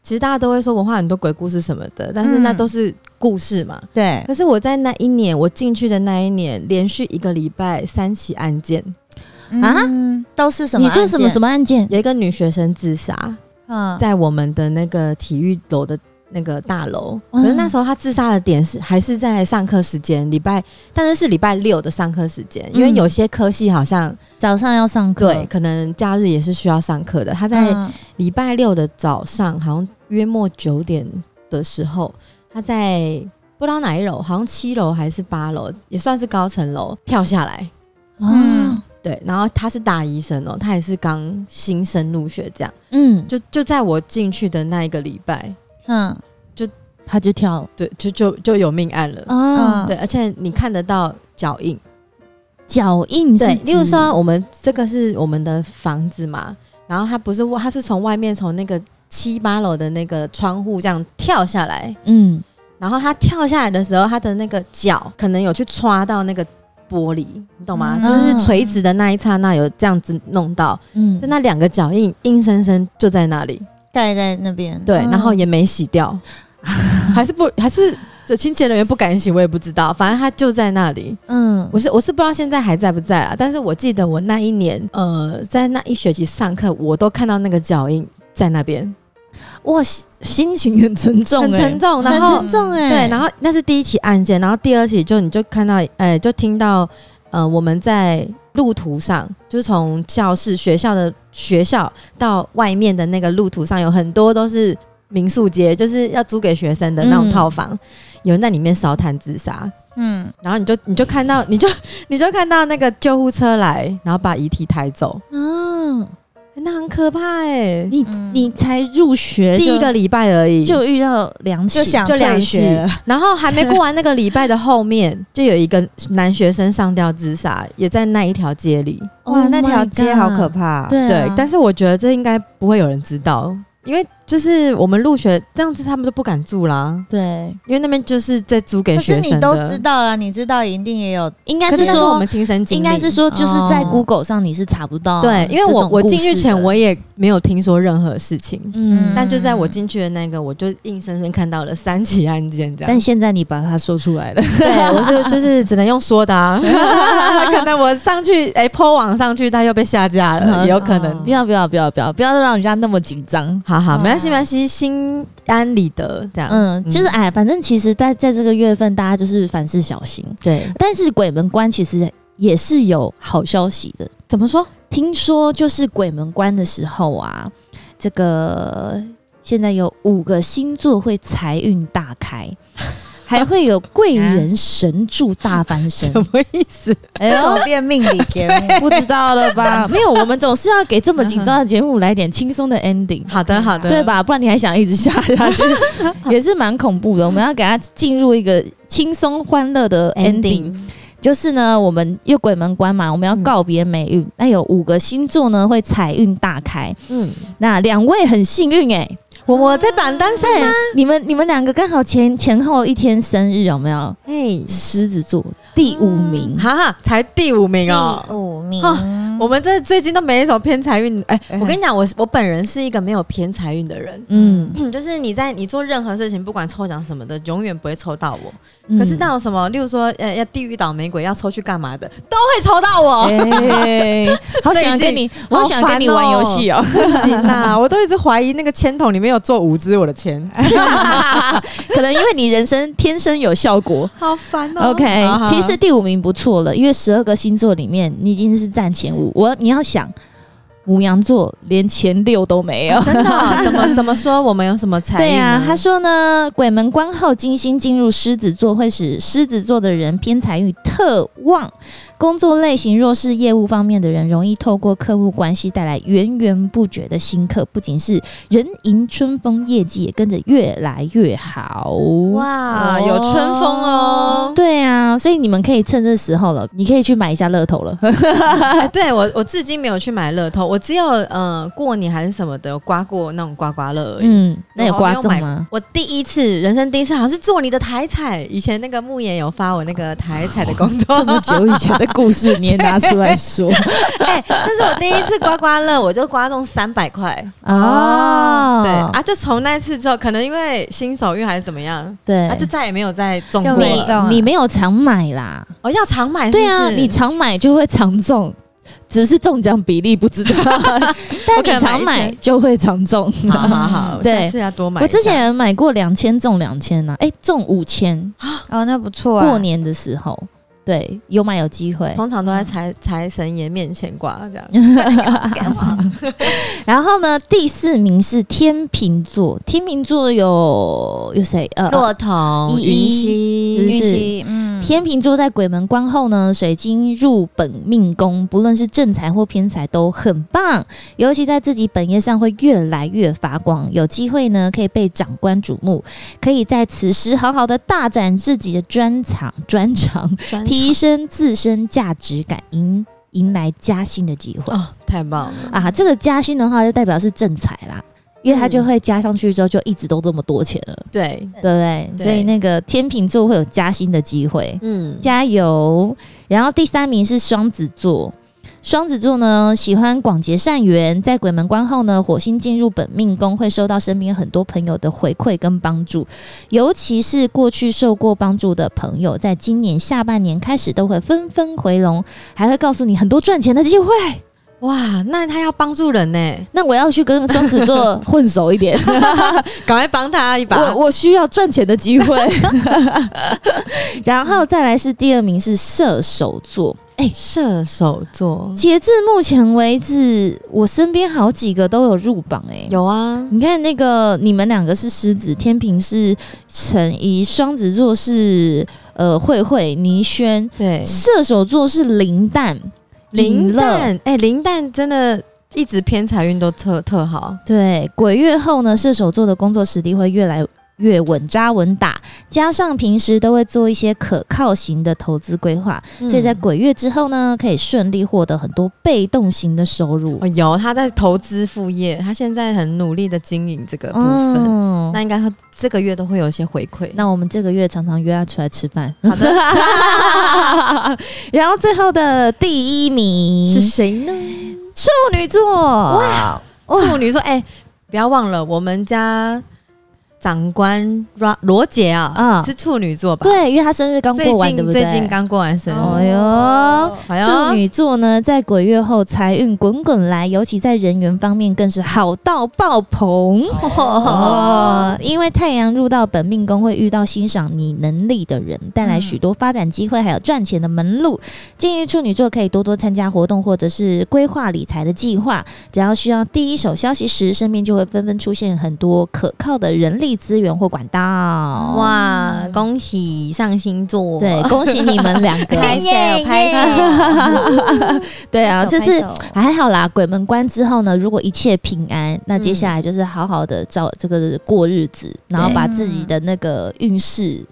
其實大家都會說文化很多鬼故事什麼的，但是那都是故事嘛。對、嗯。可是我在那一年，我進去的那一年，連續一個禮拜三起案件、嗯、啊，都是什麼案件？你說什麼什麼案件？有一個女學生自殺，嗯，在我們的那個體育樓的，那個大樓，可是那時候他自殺的點是還是在上課時間，禮拜，但是是禮拜六的上課時間，因為有些科系好像、嗯、早上要上課，對，可能假日也是需要上課的。他在禮拜六的早上，啊、好像約莫九點的時候，他在不知道哪一樓，好像七樓還是八樓，也算是高層樓跳下來。嗯、啊，對，然後他是大一生哦、喔，他也是剛新生入學這樣，嗯，就就在我進去的那一個禮拜。嗯，就他就跳了，對，就就就有命案了啊、哦！對，而且你看得到腳印，腳印是對，就是說我們這個是我們的房子嘛，然後他不是他是從外面從那個七八樓的那個窗戶這樣跳下來，嗯，然後他跳下來的時候，他的那個腳可能有去抓到那個玻璃，你懂嗎？嗯哦、就是垂直的那一剎那有這樣子弄到，嗯，就那兩個腳印硬生生就在那裡，在在那邊，對，然後也沒洗掉，嗯、還是不還是清潔人員不敢洗，我也不知道，反正他就在那裡。嗯，我是我是不知道現在還在不在了，但是我記得我那一年，呃，在那一學期上課，我都看到那個腳印在那邊。哇，心情很沉重、欸，很沉重，很沉重哎、欸，對，然後那是第一起案件，然後第二起就你就看到，哎、欸，就聽到，呃，我們在。路途上，就是從教室，學校的學校到外面的那個路途上，有很多都是民宿街，就是要租給學生的那種套房，嗯、有人在裡面燒炭自殺，嗯，然後你就你就看到，你就你就看到那個救護車來，然後把遺體抬走，嗯。那很可怕哎、欸，你、嗯、你才入學第一個禮拜而已，就、就遇到兩起，就兩起，然後還沒過完那個禮拜的後面， 就有一個男學生上吊自殺，也在那一條街裡。哇，那條街好可怕，好可怕對、啊，對。但是我覺得這應該不會有人知道。因為就是我們入學這樣子，他們都不敢住啦。對，因為那邊就是在租給學生。可是你都知道了，你知道一定也有，應該是說，是說我們親身經歷，應該是說就是在 Google 上你是查不到、啊。對，因為我我進去前我也沒有聽說任何事情，嗯，但就在我進去的那個，我就硬生生看到了三起案件這樣。但現在你把它說出來了，對， 我就就是只能用說的、啊。 可能我上去哎 PO、欸、網上去，他又被下架了，嗯、有可能。嗯、不要不要不要不要不要讓人家那麼緊張，好。好，好，沒關係，沒關係，心安理得這樣。嗯，就是哎、嗯，反正其實在在這個月份，大家就是凡事小心。對，但是鬼門關其實也是有好消息的。怎麼說？聽說就是鬼門關的時候啊，這個現在有五個星座會財運大開。還會有貴人神助大翻身？什麼意思？哎呦，變命里天，不知道了吧？沒有，我們總是要給這麼緊張的節目來點輕鬆的 ending。 好的，好的，對吧？不然你還想一直下下去？ 也是蠻恐怖的。我們要給他進入一個輕鬆歡樂的 ending, ending。就是呢，我們越鬼門關嘛，我們要告別霉運。那有五個星座呢會財運大開。嗯，那兩位很幸運哎、欸。我我在榜單上啊、嗯！你們你們兩個剛好前前後一天生日，有沒有？哎、欸，獅子座第五名，嗯，哈哈，才第五名哦，第五名。我們這最近都沒什麼偏財運，哎、欸欸，我跟你講，我我本人是一個沒有偏財運的人，嗯，欸，就是你在你做任何事情，不管抽獎什麼的，永遠不會抽到我。嗯、可是那種什麼，例如說，呃，要地獄倒霉鬼，要抽去幹嘛的，都會抽到我。哎、欸， 好想跟你，好想、哦、跟你玩遊戲哦！是啦，啊， 我都一直懷疑那個籤筒裡面有。做五支，我的天， 可能因為你人生天生有效果，好煩哦。OK，好好其實第五名不錯了，因為十二個星座裡面，你已經是占前五。我，你要想，牡羊座連前六都沒有，哦哦、 怎麼怎麼說？我們有什麼才對呀、啊，他說呢，鬼門關後，金星進入獅子座，會使獅子座的人偏財運特旺。工作類型若是業務方面的人，容易透過客戶關係帶來源源不絕的新客，不僅是人迎春風，業績也跟着越來越好。哇、哦，有春風哦！對啊，所以你們可以趁這時候了，你可以去買一下樂透了。 欸、對我，我至今沒有去買樂透，我只有呃過年還是什麼的刮過那種刮刮樂而已。嗯，那有刮中嗎？嗯、中嗎？我，我第一次，人生第一次，好像是做你的台彩。以前那個沐妍有發我那個台彩的工作，哦、這麼久以前的。 故事你也拿出來說 對、 欸，哎，那是我第一次刮刮樂，我就刮中三百塊哦。對啊，就從那次之後，可能因為新手運還是怎麼樣，對，啊、就再也沒有再中過了。你你沒有常買啦？哦，要常買是不是？對啊，你常買就會常中，只是中獎比例不知道。 但你常買就會常中，好好好，對，下次要多買。我之前買過兩千中兩千呢，哎、欸，中五千啊，哦，那不錯啊，過年的時候。對，有蠻有機會、嗯，通常都在財、嗯、財神爺面前掛這樣。 然後呢，第四名是天秤座，天秤座有有誰？呃，駱、啊、駝、雲溪、雲溪，就是、雲溪嗯。天秤座在鬼門關後呢，水晶入本命宮，不論是正財或偏財都很棒，尤其在自己本業上會越來越發光，有機會呢可以被長官矚目，可以在此時好好的大展自己的專長，專長，專長提升自身價值感，迎迎來加薪的機會，哦，太棒了啊！這個加薪的話，就代表是正財啦。因為他就會加上去之後，嗯，就一直都這麼多錢了，對對不對？對所以那個天秤座會有加薪的機會，嗯，加油。然後第三名是雙子座，雙子座呢喜歡廣結善緣，在鬼門關後呢，火星進入本命宮，會收到身邊很多朋友的回饋跟幫助，尤其是過去受過幫助的朋友，在今年下半年開始都會紛紛回籠，還會告訴你很多賺錢的機會。哇，那他要幫助人呢？欸，那我要去跟雙子座混熟一點，趕 快幫他一把。我我需要賺錢的機會。 然後再來是第二名是射手座，哎，欸，射手座。截至目前為止，我身邊好幾個都有入榜，欸，哎，有啊。你看那個，你們兩個是獅子，天秤是陳怡，雙子座是呃慧慧、倪萱，對，射手座是林淡。林蛋，哎，林蛋、欸、真的一直偏財運都特特好。對，鬼月後呢，射手座的工作實力會越來。月穩紮穩打，加上平時都會做一些可靠型的投資規劃，所以在鬼月之後呢，可以順利獲得很多被動型的收入。哦、有他在投資副業，他現在很努力的經營這個部分，嗯、那應該他這個月都會有一些回饋。那我們這個月常常約他出來吃飯，好的。 然後最後的第一名是誰呢？處女座哇，哇，處女座哎、欸，不要忘了我們家。長官羅羅杰啊、哦，是處女座吧？對，因為她生日剛過完，對不對？最近剛過完生日。哎、哦呦，哦呦，哦、呦，處女座呢，在鬼月後財運滾滾來，尤其在人緣方面更是好到爆棚。哦哦哦哦、因為太陽入到本命宮，會遇到欣賞你能力的人，帶來許多發展機會，還有賺錢的門路，嗯。建議處女座可以多多參加活動，或者是規劃理財的計劃。只要需要第一手消息時，身邊就會紛紛出現很多可靠的人力，力資源或管道哇，恭喜上星座，對，恭喜你們兩個 拍，拍手拍 對啊，就是拍手拍手還好啦。鬼門關之後呢，如果一切平安，那接下來就是好好的照這個過日子，嗯、然後把自己的那個運勢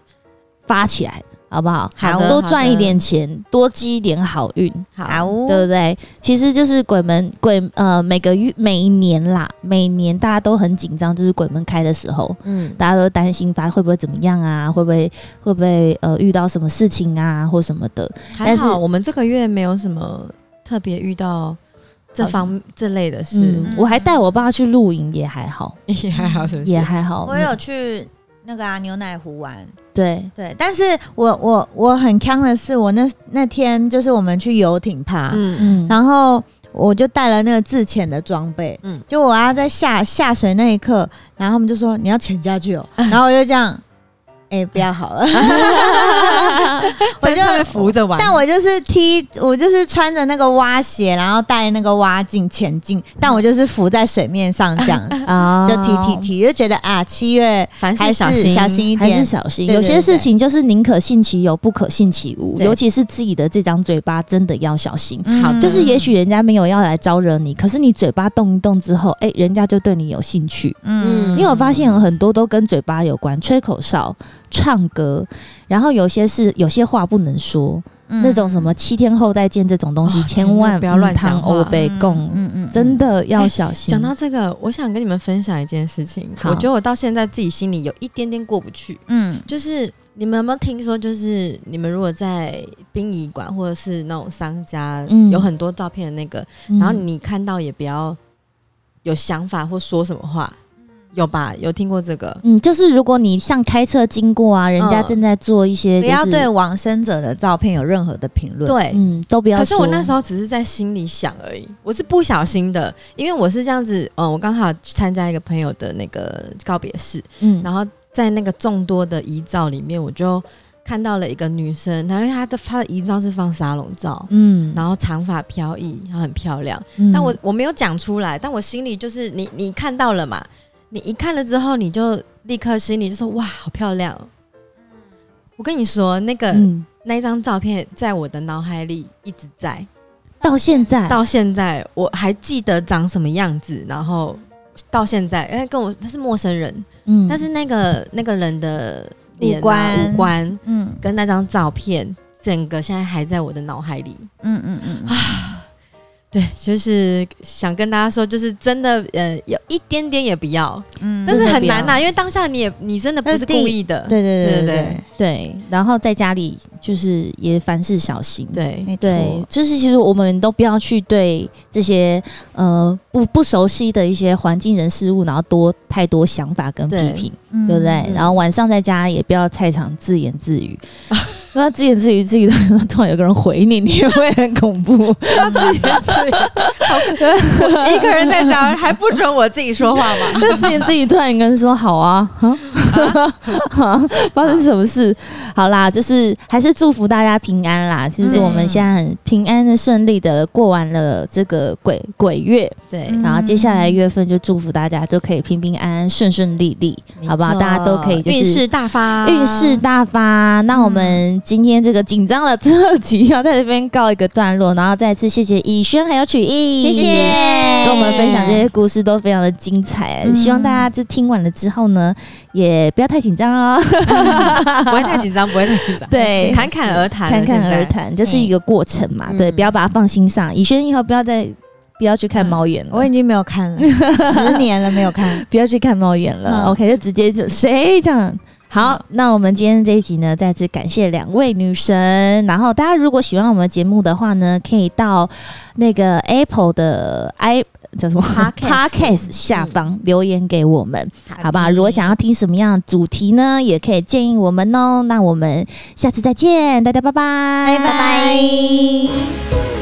發起來。好不好？好，多賺一點錢，多積一點好運，好，對不對？其實就是鬼門鬼呃，每個月、每一年啦，每年大家都很緊張，就是鬼門開的時候，嗯，大家都擔心發會不會怎麼樣啊？會不會會不會呃遇到什麼事情啊或什麼的？但是還好，我們這個月沒有什麼特別遇到這方這類的事。嗯嗯嗯、我還帶我爸去露營，也還好，也還好是不是，也還好。我有去。那個啊，牛奶壺玩，對對，但是我我我很坑的是，我那那天就是我們去遊艇趴，嗯嗯，然後我就帶了那個自潛的裝備，嗯，就我要在下下水那一刻，然後他們就說，你要潛下去哦？嗯，然後我就這樣。哎、欸，不要好了， 我就扶着玩。但我就是踢，我就是穿着那個蛙鞋，然後戴那個蛙鏡前進。但我就是浮在水面上這樣，嗯，就踢踢踢，就覺得啊，七月凡事小心一點，還是小心。對對對，有些事情就是寧可信其有，不可信其無。尤其是自己的這張嘴巴，真的要小心。好、嗯，就是也許人家沒有要來招惹你，可是你嘴巴動一動之後，哎、欸，人家就對你有興趣。嗯，因為我發現有很多都跟嘴巴有關，吹口哨。唱歌，然後有些事，有些話不能說，嗯、那種什麼七天後再見這種東西，哦，千,萬嗯、千萬不要亂講歐北共，真的要小心、欸。講到這個，我想跟你們分享一件事情，我覺得我到現在自己心裡有一點點過不去。嗯，就是你們有沒有聽說，就是你們如果在殯儀館或者是那種商家有很多照片的那個，嗯、然後你看到也不要有想法或說什麼話。有吧？有聽過這個？嗯，就是如果你像開車經過啊，人家正在做一些，嗯，不要對往生者的照片有任何的評論。對，嗯，都不要說。可是我那時候只是在心裡想而已，我是不小心的，因為我是這樣子，嗯，我剛好參加一個朋友的那個告別式，嗯，然後在那個眾多的遺照裡面，我就看到了一個女生，因為她的她的遺照是放沙龍照，嗯，然後長髮飄逸，然後很漂亮，嗯、但我我沒有講出來，但我心裡就是你你看到了嘛。你一看了之後，你就立刻心裡就說：“哇，好漂亮！”嗯，我跟你說，那個、嗯、那一張照片在我的腦海裡一直在，到現在，到現在我還記得長什麼樣子。然後到現在，因為跟我他是陌生人，嗯，但是那個那個人的五官、啊，五官，嗯，跟那張照片，整個現在還在我的腦海裡。嗯嗯嗯啊。對，就是想跟大家說，就是真的，呃，有一點點也不要，嗯，但是很難吶、啊，因為當下你也，你真的不是故意的，對對對對對，對，對，對，對，對，對，然後在家裡就是也凡事小心，對，對對，沒錯，就是其實我們都不要去對這些呃不不熟悉的一些環境人事物，然後多太多想法跟批評，對不對，對，對，、嗯、對，對，對？然後晚上在家也不要菜場自言自語。啊那自言自語自己，突然有個人回你，你也會很恐怖。 自言自語， 一個人在家 還不准我自己說話嗎？那自言自語突然一個人說好啊，哈，發、啊、生、啊、什麼事、啊？好啦，就是還是祝福大家平安啦。其、就、實、是、我們現在很平安的、順利的過完了這個鬼鬼月，對、嗯。然後接下來月份就祝福大家都可以平平安安、順順利利，好不好？大家都可以、就是、運勢大發，運勢大發。那我們。今天這個緊張的特輯要在這邊告一個段落，然後再一次謝謝苡萱，還有曲羿，謝謝跟我們分享這些故事都非常的精彩。嗯、希望大家就聽完了之後呢，也不要太緊張哦、嗯 不會太緊張， 不要太緊張， 不要太緊張。對，侃侃而談，侃侃而談就是一個過程嘛。嗯、對，不要把它放心上。苡、嗯、萱以後不要再不要去看貓眼了，我已經沒有看了，十 年了沒有看，不要去看貓眼了。嗯、OK，就直接就誰這樣好、嗯，那我們今天這一集呢，再次感謝兩位女神。然後大家如果喜歡我們節目的話呢，可以到那個 Apple 的 i 叫什麼 Podcast, Podcast 下方留言給我們，嗯、好吧，好不好？如果想要聽什麼樣的主題呢、嗯，也可以建議我們哦、喔。那我們下次再見，大家拜拜，拜拜。Bye bye